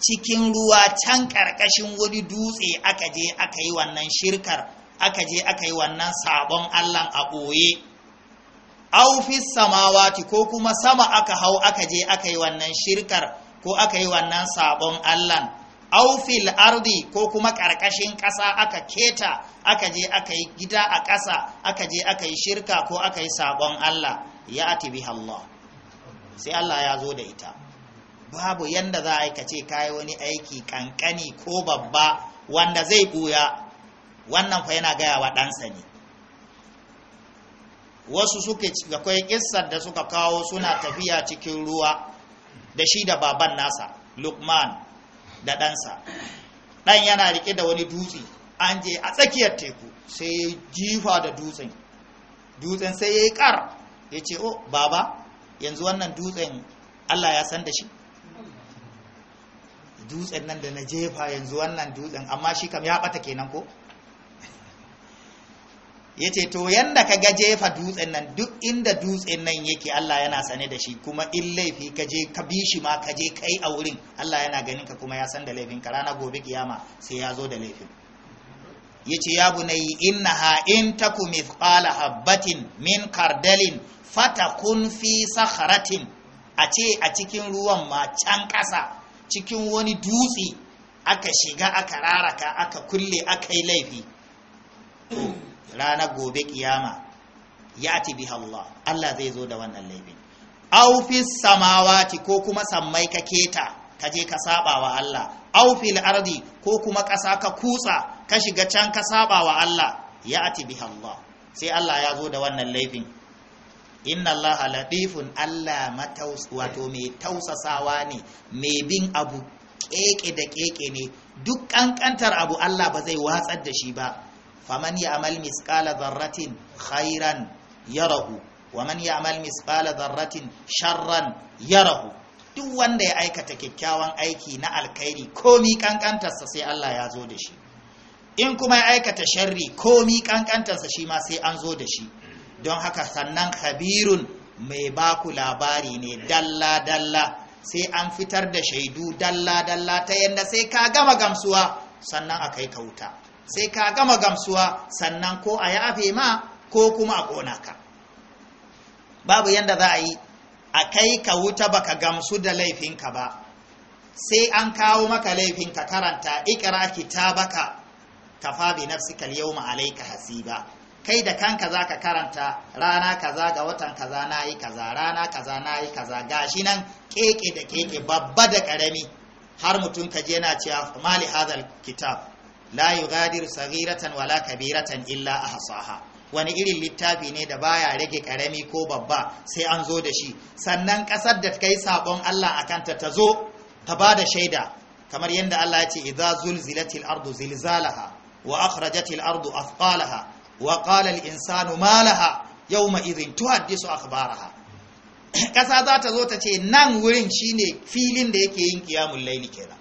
cikin ruwa can ƙarƙashin wani dutse aka je aka yi wannan shirkar aka je aka yi wannan sabon allah a ɓoye aufis samawati ko kuma sama aka hau aka je aka yi wannan shirkar ko aka yi wannan sabon allah aufil ardi ko kuma ƙarƙashin ƙasa aka keta aka je aka yi gida a ƙasa aka je aka yi shirka ko aka yi sabon Allah ya ati bi Allah sai Allah ya zo da ita babu yanda za a aikace kayi wani aiki ƙanƙani ko babba wanda zai buya wannan fa yana gaya wa ɗansa ne wasu suke akwai kissar da suka kawo suna tafiya cikin ruwa da shi da baban nasa Luqman. da ɗansa ɗan yana riƙe da wani dutse an je a tsakiyar teku sai ya jifa da dutsen dutsen sai ya yi ƙar ya ce o oh, baba yanzu wannan dutsen allah ya san da shi dutsen nan da na jefa yanzu wannan dutsen amma shi kam ya ɓata kenan ko ya ce to yadda ka ga jefa dutsen nan duk inda dutsen nan yake Allah yana sane da shi kuma in laifi ka je ka bi shi ma ka je kai a wurin Allah yana ganin ka kuma ya san da laifin ka rana gobe kiyama sai ya zo da laifin ya ce ya bunayi innaha in taku mithqala habbatin min kardalin fatakun fi sakharatin a ce a cikin ruwan ma can ƙasa cikin wani dutse aka shiga aka raraka aka kulle aka yi laifi ranar gobe kiyama yati bi Allah Allah zai zo da wannan laifin aufis samawa samawati ko kuma sammai ka keta ka je ka saba wa Allah aufil ardi ko kuma ƙasa ka kutsa ka shiga can ka saba wa Allah yati bi Allah sai Allah ya zo da wannan laifin inna Allah latifun Allah wato mai tausasawa ne mai bin abu keke da keke ne duk kankantar abu Allah ba zai watsar da shi ba faman ya'mal misqala dharratin khairan yarahu wa man ya'mal misqala dharratin sharran yarahu duk wanda ya aikata kyakkyawan aiki na alkhairi komi kankantarsa sai Allah ya zo da shi in kuma ya aikata sharri komi kankantarsa shi ma sai an zo da shi don haka sannan khabirun mai baku labari ne dalla dalla sai an fitar da shaidu dalla dalla ta yanda sai ka gama gamsuwa sannan a kai wuta. sai ka gama gamsuwa sannan ko a yafe ma ko kuma a ƙona ka babu yadda za a yi a kai ka wuta baka gamsu da laifinka ba sai an kawo maka laifin ka karanta ikira kitabaka kafa bi nafsika al alayka hasiba kai da kanka za ka karanta rana kaza ga watan kaza nayi kaza rana kaza nayi kaza gashi nan keke da keke babba da karami har mutum kaje yana cewa mali hadal kitab la yi gadir saghiratan wala kabiratan illa a hasaha wani irin littafi ne da baya rage karami ko babba sai an zo da shi sannan kasar da kai sabon Allah akanta ta zo ta ba da shaida kamar yadda Allah ya ce idza zulzilatil ardu zilzalaha wa akhrajatil ardu athqalaha wa qala al insanu ma laha yawma idhin tuhaddisu akhbaraha kasa za ta zo ta ce nan wurin shine filin da yake yin qiyamul layli kenan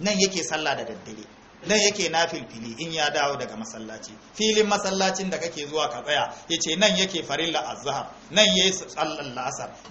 nan yake sallah da daddare nan yake na filfili in ya dawo daga masallaci filin masallacin da kake zuwa ka tsaya yace nan yake farilla azhar nan ya yi tsallan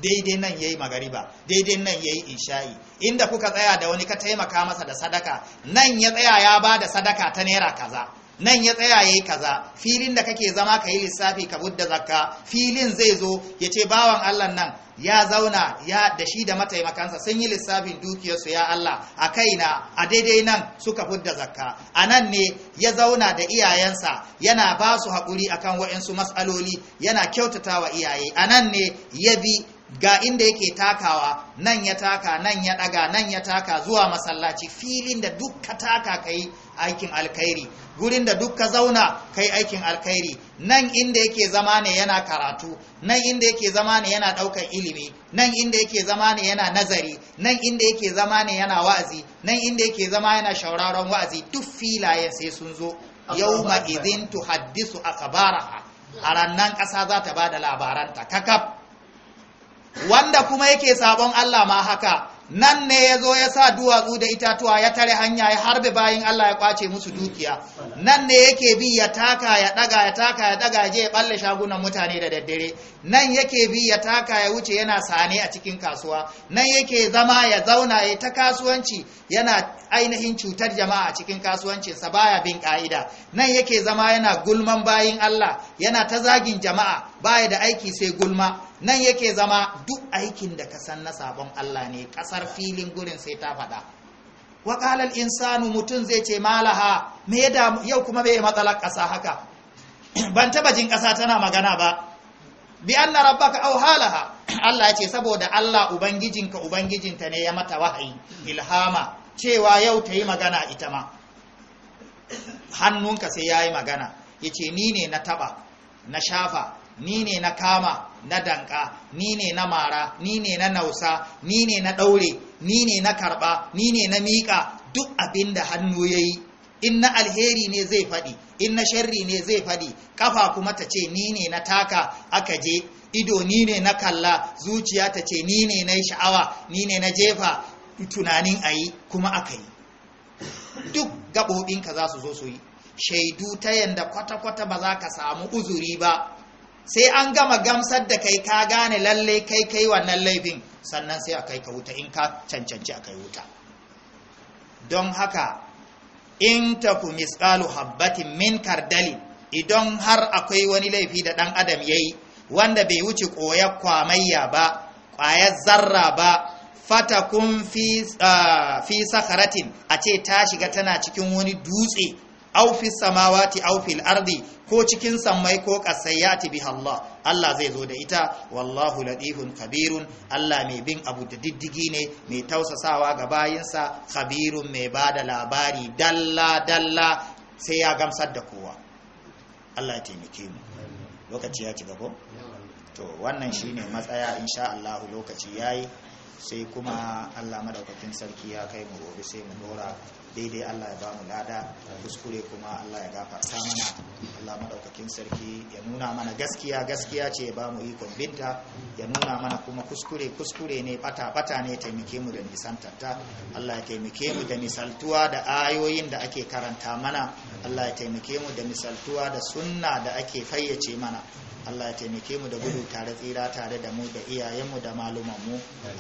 daidai nan yayi magariba daidai nan yayi yi isha'i inda kuka tsaya da wani ka taimaka masa da sadaka nan ya tsaya ya ba da sadaka ta naira kaza nan ya tsaya yi kaza filin da kake zama ka yi lissafi ka budda zakka filin zai zo ya ce bawan Allah nan ya zauna ya da shi da mataimakansa sun yi lissafin dukiyarsu ya Allah a kai na, a daidai nan suka budda zakka a nan ne ya zauna da iyayensa yana ba su haƙuri akan waɗansu matsaloli yana kyautata wa iyaye a nan ne ya bi ga inda yake takawa nan ya taka nan ya ɗaga nan ya taka zuwa masallaci filin da duk ka taka ka aikin alkhairi gurin da duk ka zauna kai aikin alkhairi nan inda yake zama ne yana karatu nan inda yake zama ne yana ɗaukar ilimi nan inda yake zama ne yana nazari nan inda yake zama ne yana wa'azi nan inda yake zama yana shauraron wa'azi duk filaye sai sun zo yauma idin tuhaddisu akhbaraha a rannan ƙasa za ta ba da labaranta kakaf wanda kuma yake sabon Allah ma haka nan ne ya zo ya sa duwatsu da itatuwa ya tare hanya ya harbe bayan Allah ya kwace musu dukiya nan ne yake bi ya taka ya daga ya taka ya daga je ya balle shagunan mutane da daddare nan yake bi ya taka ya wuce yana sane a cikin kasuwa nan yake zama ya zauna ya ta kasuwanci yana ainihin cutar jama'a a cikin kasuwancinsa baya bin ka'ida nan yake zama yana gulman bayin Allah yana ta zagin jama'a baya da aiki sai gulma nan yake zama duk aikin da ka san na sabon Allah ne kasar filin gurin sai ta faɗa wa qalal insanu mutun zai ce malaha me ya yau kuma bai matsalar kasa haka ban taba jin ƙasa tana magana ba bi anna rabbaka aw halaha Allah ya ce saboda Allah ubangijinka ubangijinta ne ya mata wahayi ilhama cewa yau ta yi magana ita ma hannunka sai ya yi magana ya ce ni ne na taba na shafa ni ne na kama na danka ni ne na mara ni ne na nausa ni ne na daure ni ne na karba ni ne na miƙa duk abinda hannu ya yi in na alheri ne zai faɗi in na sharri ne zai faɗi kafa kuma ta ce ni ne na taka aka je ido ni ne na kalla zuciya ta ce ni ne na sha'awa ni ne na jefa tunanin a kuma aka yi duk gaɓoɓinka za su zo su yi shaidu ta yanda kwata-kwata ba za ka samu uzuri ba sai an gama gamsar da kai ka gane lalle kai kai wannan laifin sannan sai a kai ka wuta in ka cancanci a kai wuta don haka in ta ku misqalu habbatin min kardali idan har akwai wani laifi da ɗan adam yayi wanda bai wuce koyar kwamayya ba kwayar zarra ba fata kun fi ah, sakaratin a ce ta shiga tana cikin wani dutse aw fi samawati aw ardi ko cikin sammai ko kasai bi Allah Allah zai zo da ita wallahu Ladihun, Kabirun. Allah mai bin abu da diddigi ne mai tausasawa ga bayinsa Kabirun. mai ba da labari dalla dalla sai ya gamsar da kowa Allah ya taimake mu lokaci ya ci gaba to wannan shine matsaya insha Allah lokaci yayi sai kuma Allah madaukakin sarki ya kai mu gobe sai mu dora daidai Allah ya ba mu lada kuskure kuma Allah ya gafarta mana Allah madaukakin sarki ya nuna mana gaskiya gaskiya ce ya mu ikon binta ya nuna mana kuma kuskure kuskure ne bata bata ne taimake mu da nisantarta Allah ya taimake mu da misaltuwa da ayoyin da ake karanta mana Allah ya taimake mu da misaltuwa da sunna da ake fayyace mana Allah ya taimake mu da gudu tare tsira tare da mu da iyayenmu da mu.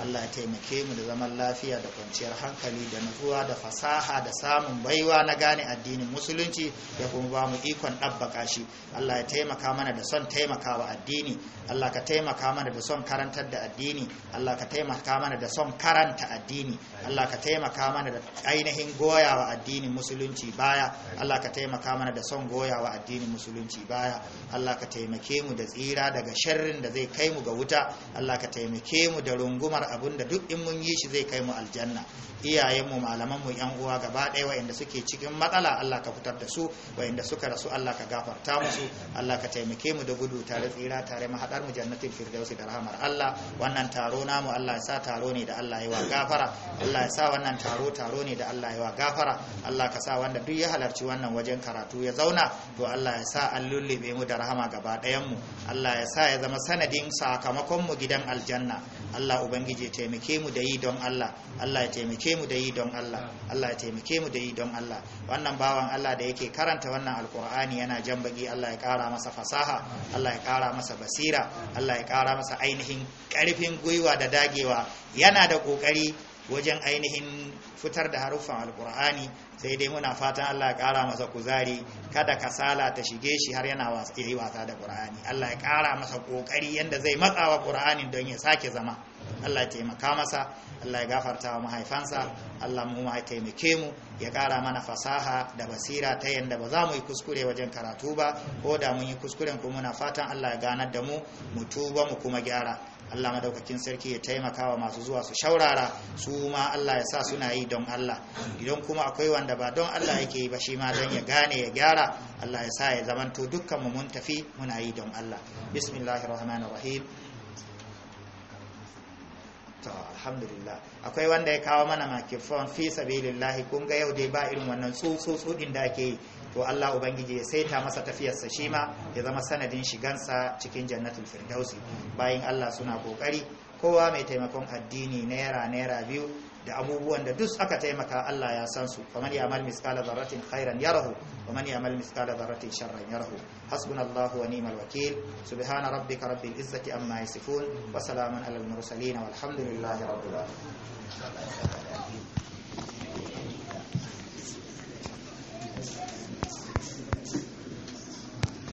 Allah ya taimake mu da zaman lafiya da kwanciyar hankali da nutsuwa da fasaha da samun baiwa na gane addinin musulunci ya kuma ba mu ikon ɗabbaka shi Allah ya taimaka mana da son taimakawa addini Allah ka taimaka mana da son karantar da addini Allah ka taimaka mana da son karanta addini Allah ka taimaka mana da ainihin goyawa addinin musulunci baya Allah ka taimaka mana da son goyawa addinin musulunci baya Allah ka taimake mu mu da tsira daga sharrin da zai kai mu ga wuta Allah ka taimake mu da rungumar abun da duk in mun yi shi zai kai mu aljanna iyayen mu malaman mu yan uwa gaba ɗaya wa'inda suke cikin matsala Allah ka fitar da su wa'inda suka rasu Allah ka gafarta musu Allah ka taimake mu da gudu tare tsira tare mahaɗar mu jannatin firdausi da rahamar Allah wannan taro namu Allah ya sa taro ne da Allah ya wa gafara Allah ya sa wannan taro taro ne da Allah ya wa gafara Allah ka sa wanda duk ya halarci wannan wajen karatu ya zauna to Allah ya sa an lullube mu da rahama gaba ɗayan mu Allah ya sa ya zama sanadin sakamakon mu gidan aljanna Allah ubangiji ya taimake mu da yi don Allah Allah ya taimake mu da yi don Allah Allah ya taimake mu da yi don Allah wannan bawan Allah da yake karanta wannan alkur'ani yana jan baki Allah ya kara masa fasaha Allah ya kara masa basira Allah ya kara masa ainihin karfin gwiwa da dagewa yana da kokari wajen ainihin fitar da haruffan alkur'ani sai dai muna fatan Allah ya kara masa kuzari kada kasala ta shige shi har yana yi wasa da qur'ani Allah ya kara masa kokari yanda zai matsawa qur'anin don ya sake zama Allah ya taimaka masa Allah ya gafarta wa mahaifansa Allah mu ma taimake mu ya kara mana fasaha da basira ta yanda ba za mu yi kuskure wajen karatu ba ko da mun yi kuskuren kuma muna fatan Allah ya ganar da mu mu tuba mu kuma gyara Allah madaukakin sarki ya taimaka wa masu zuwa su shaurara su ma Allah ya sa suna yi don Allah idan kuma akwai wanda ba don Allah yake yi ba shi ma don ya gane ya gyara Allah ya sa ya zamanto dukkan mu mun tafi muna yi don Allah bismillahirrahmanirrahim rahmanir alhamdulillah akwai wanda ya kawo mana makifon fi sabilillah kun ga yau dai ba irin wannan tsutsutsu din da ake yi to Allah ubangiji ya saita masa tafiyarsa shi ma ya zama sanadin shigansa cikin jannatul firdausi bayan Allah suna kokari kowa mai taimakon addini naira naira biyu da abubuwan da duk aka taimaka Allah ya san su faman ya'mal miskala dharratin khairan yarahu waman ya'mal miskala dharratin sharran yarahu hasbunallahu wa ni'mal wakeel subhana rabbika rabbil izzati amma yasifun wa salamun alal mursalin walhamdulillahi rabbil alamin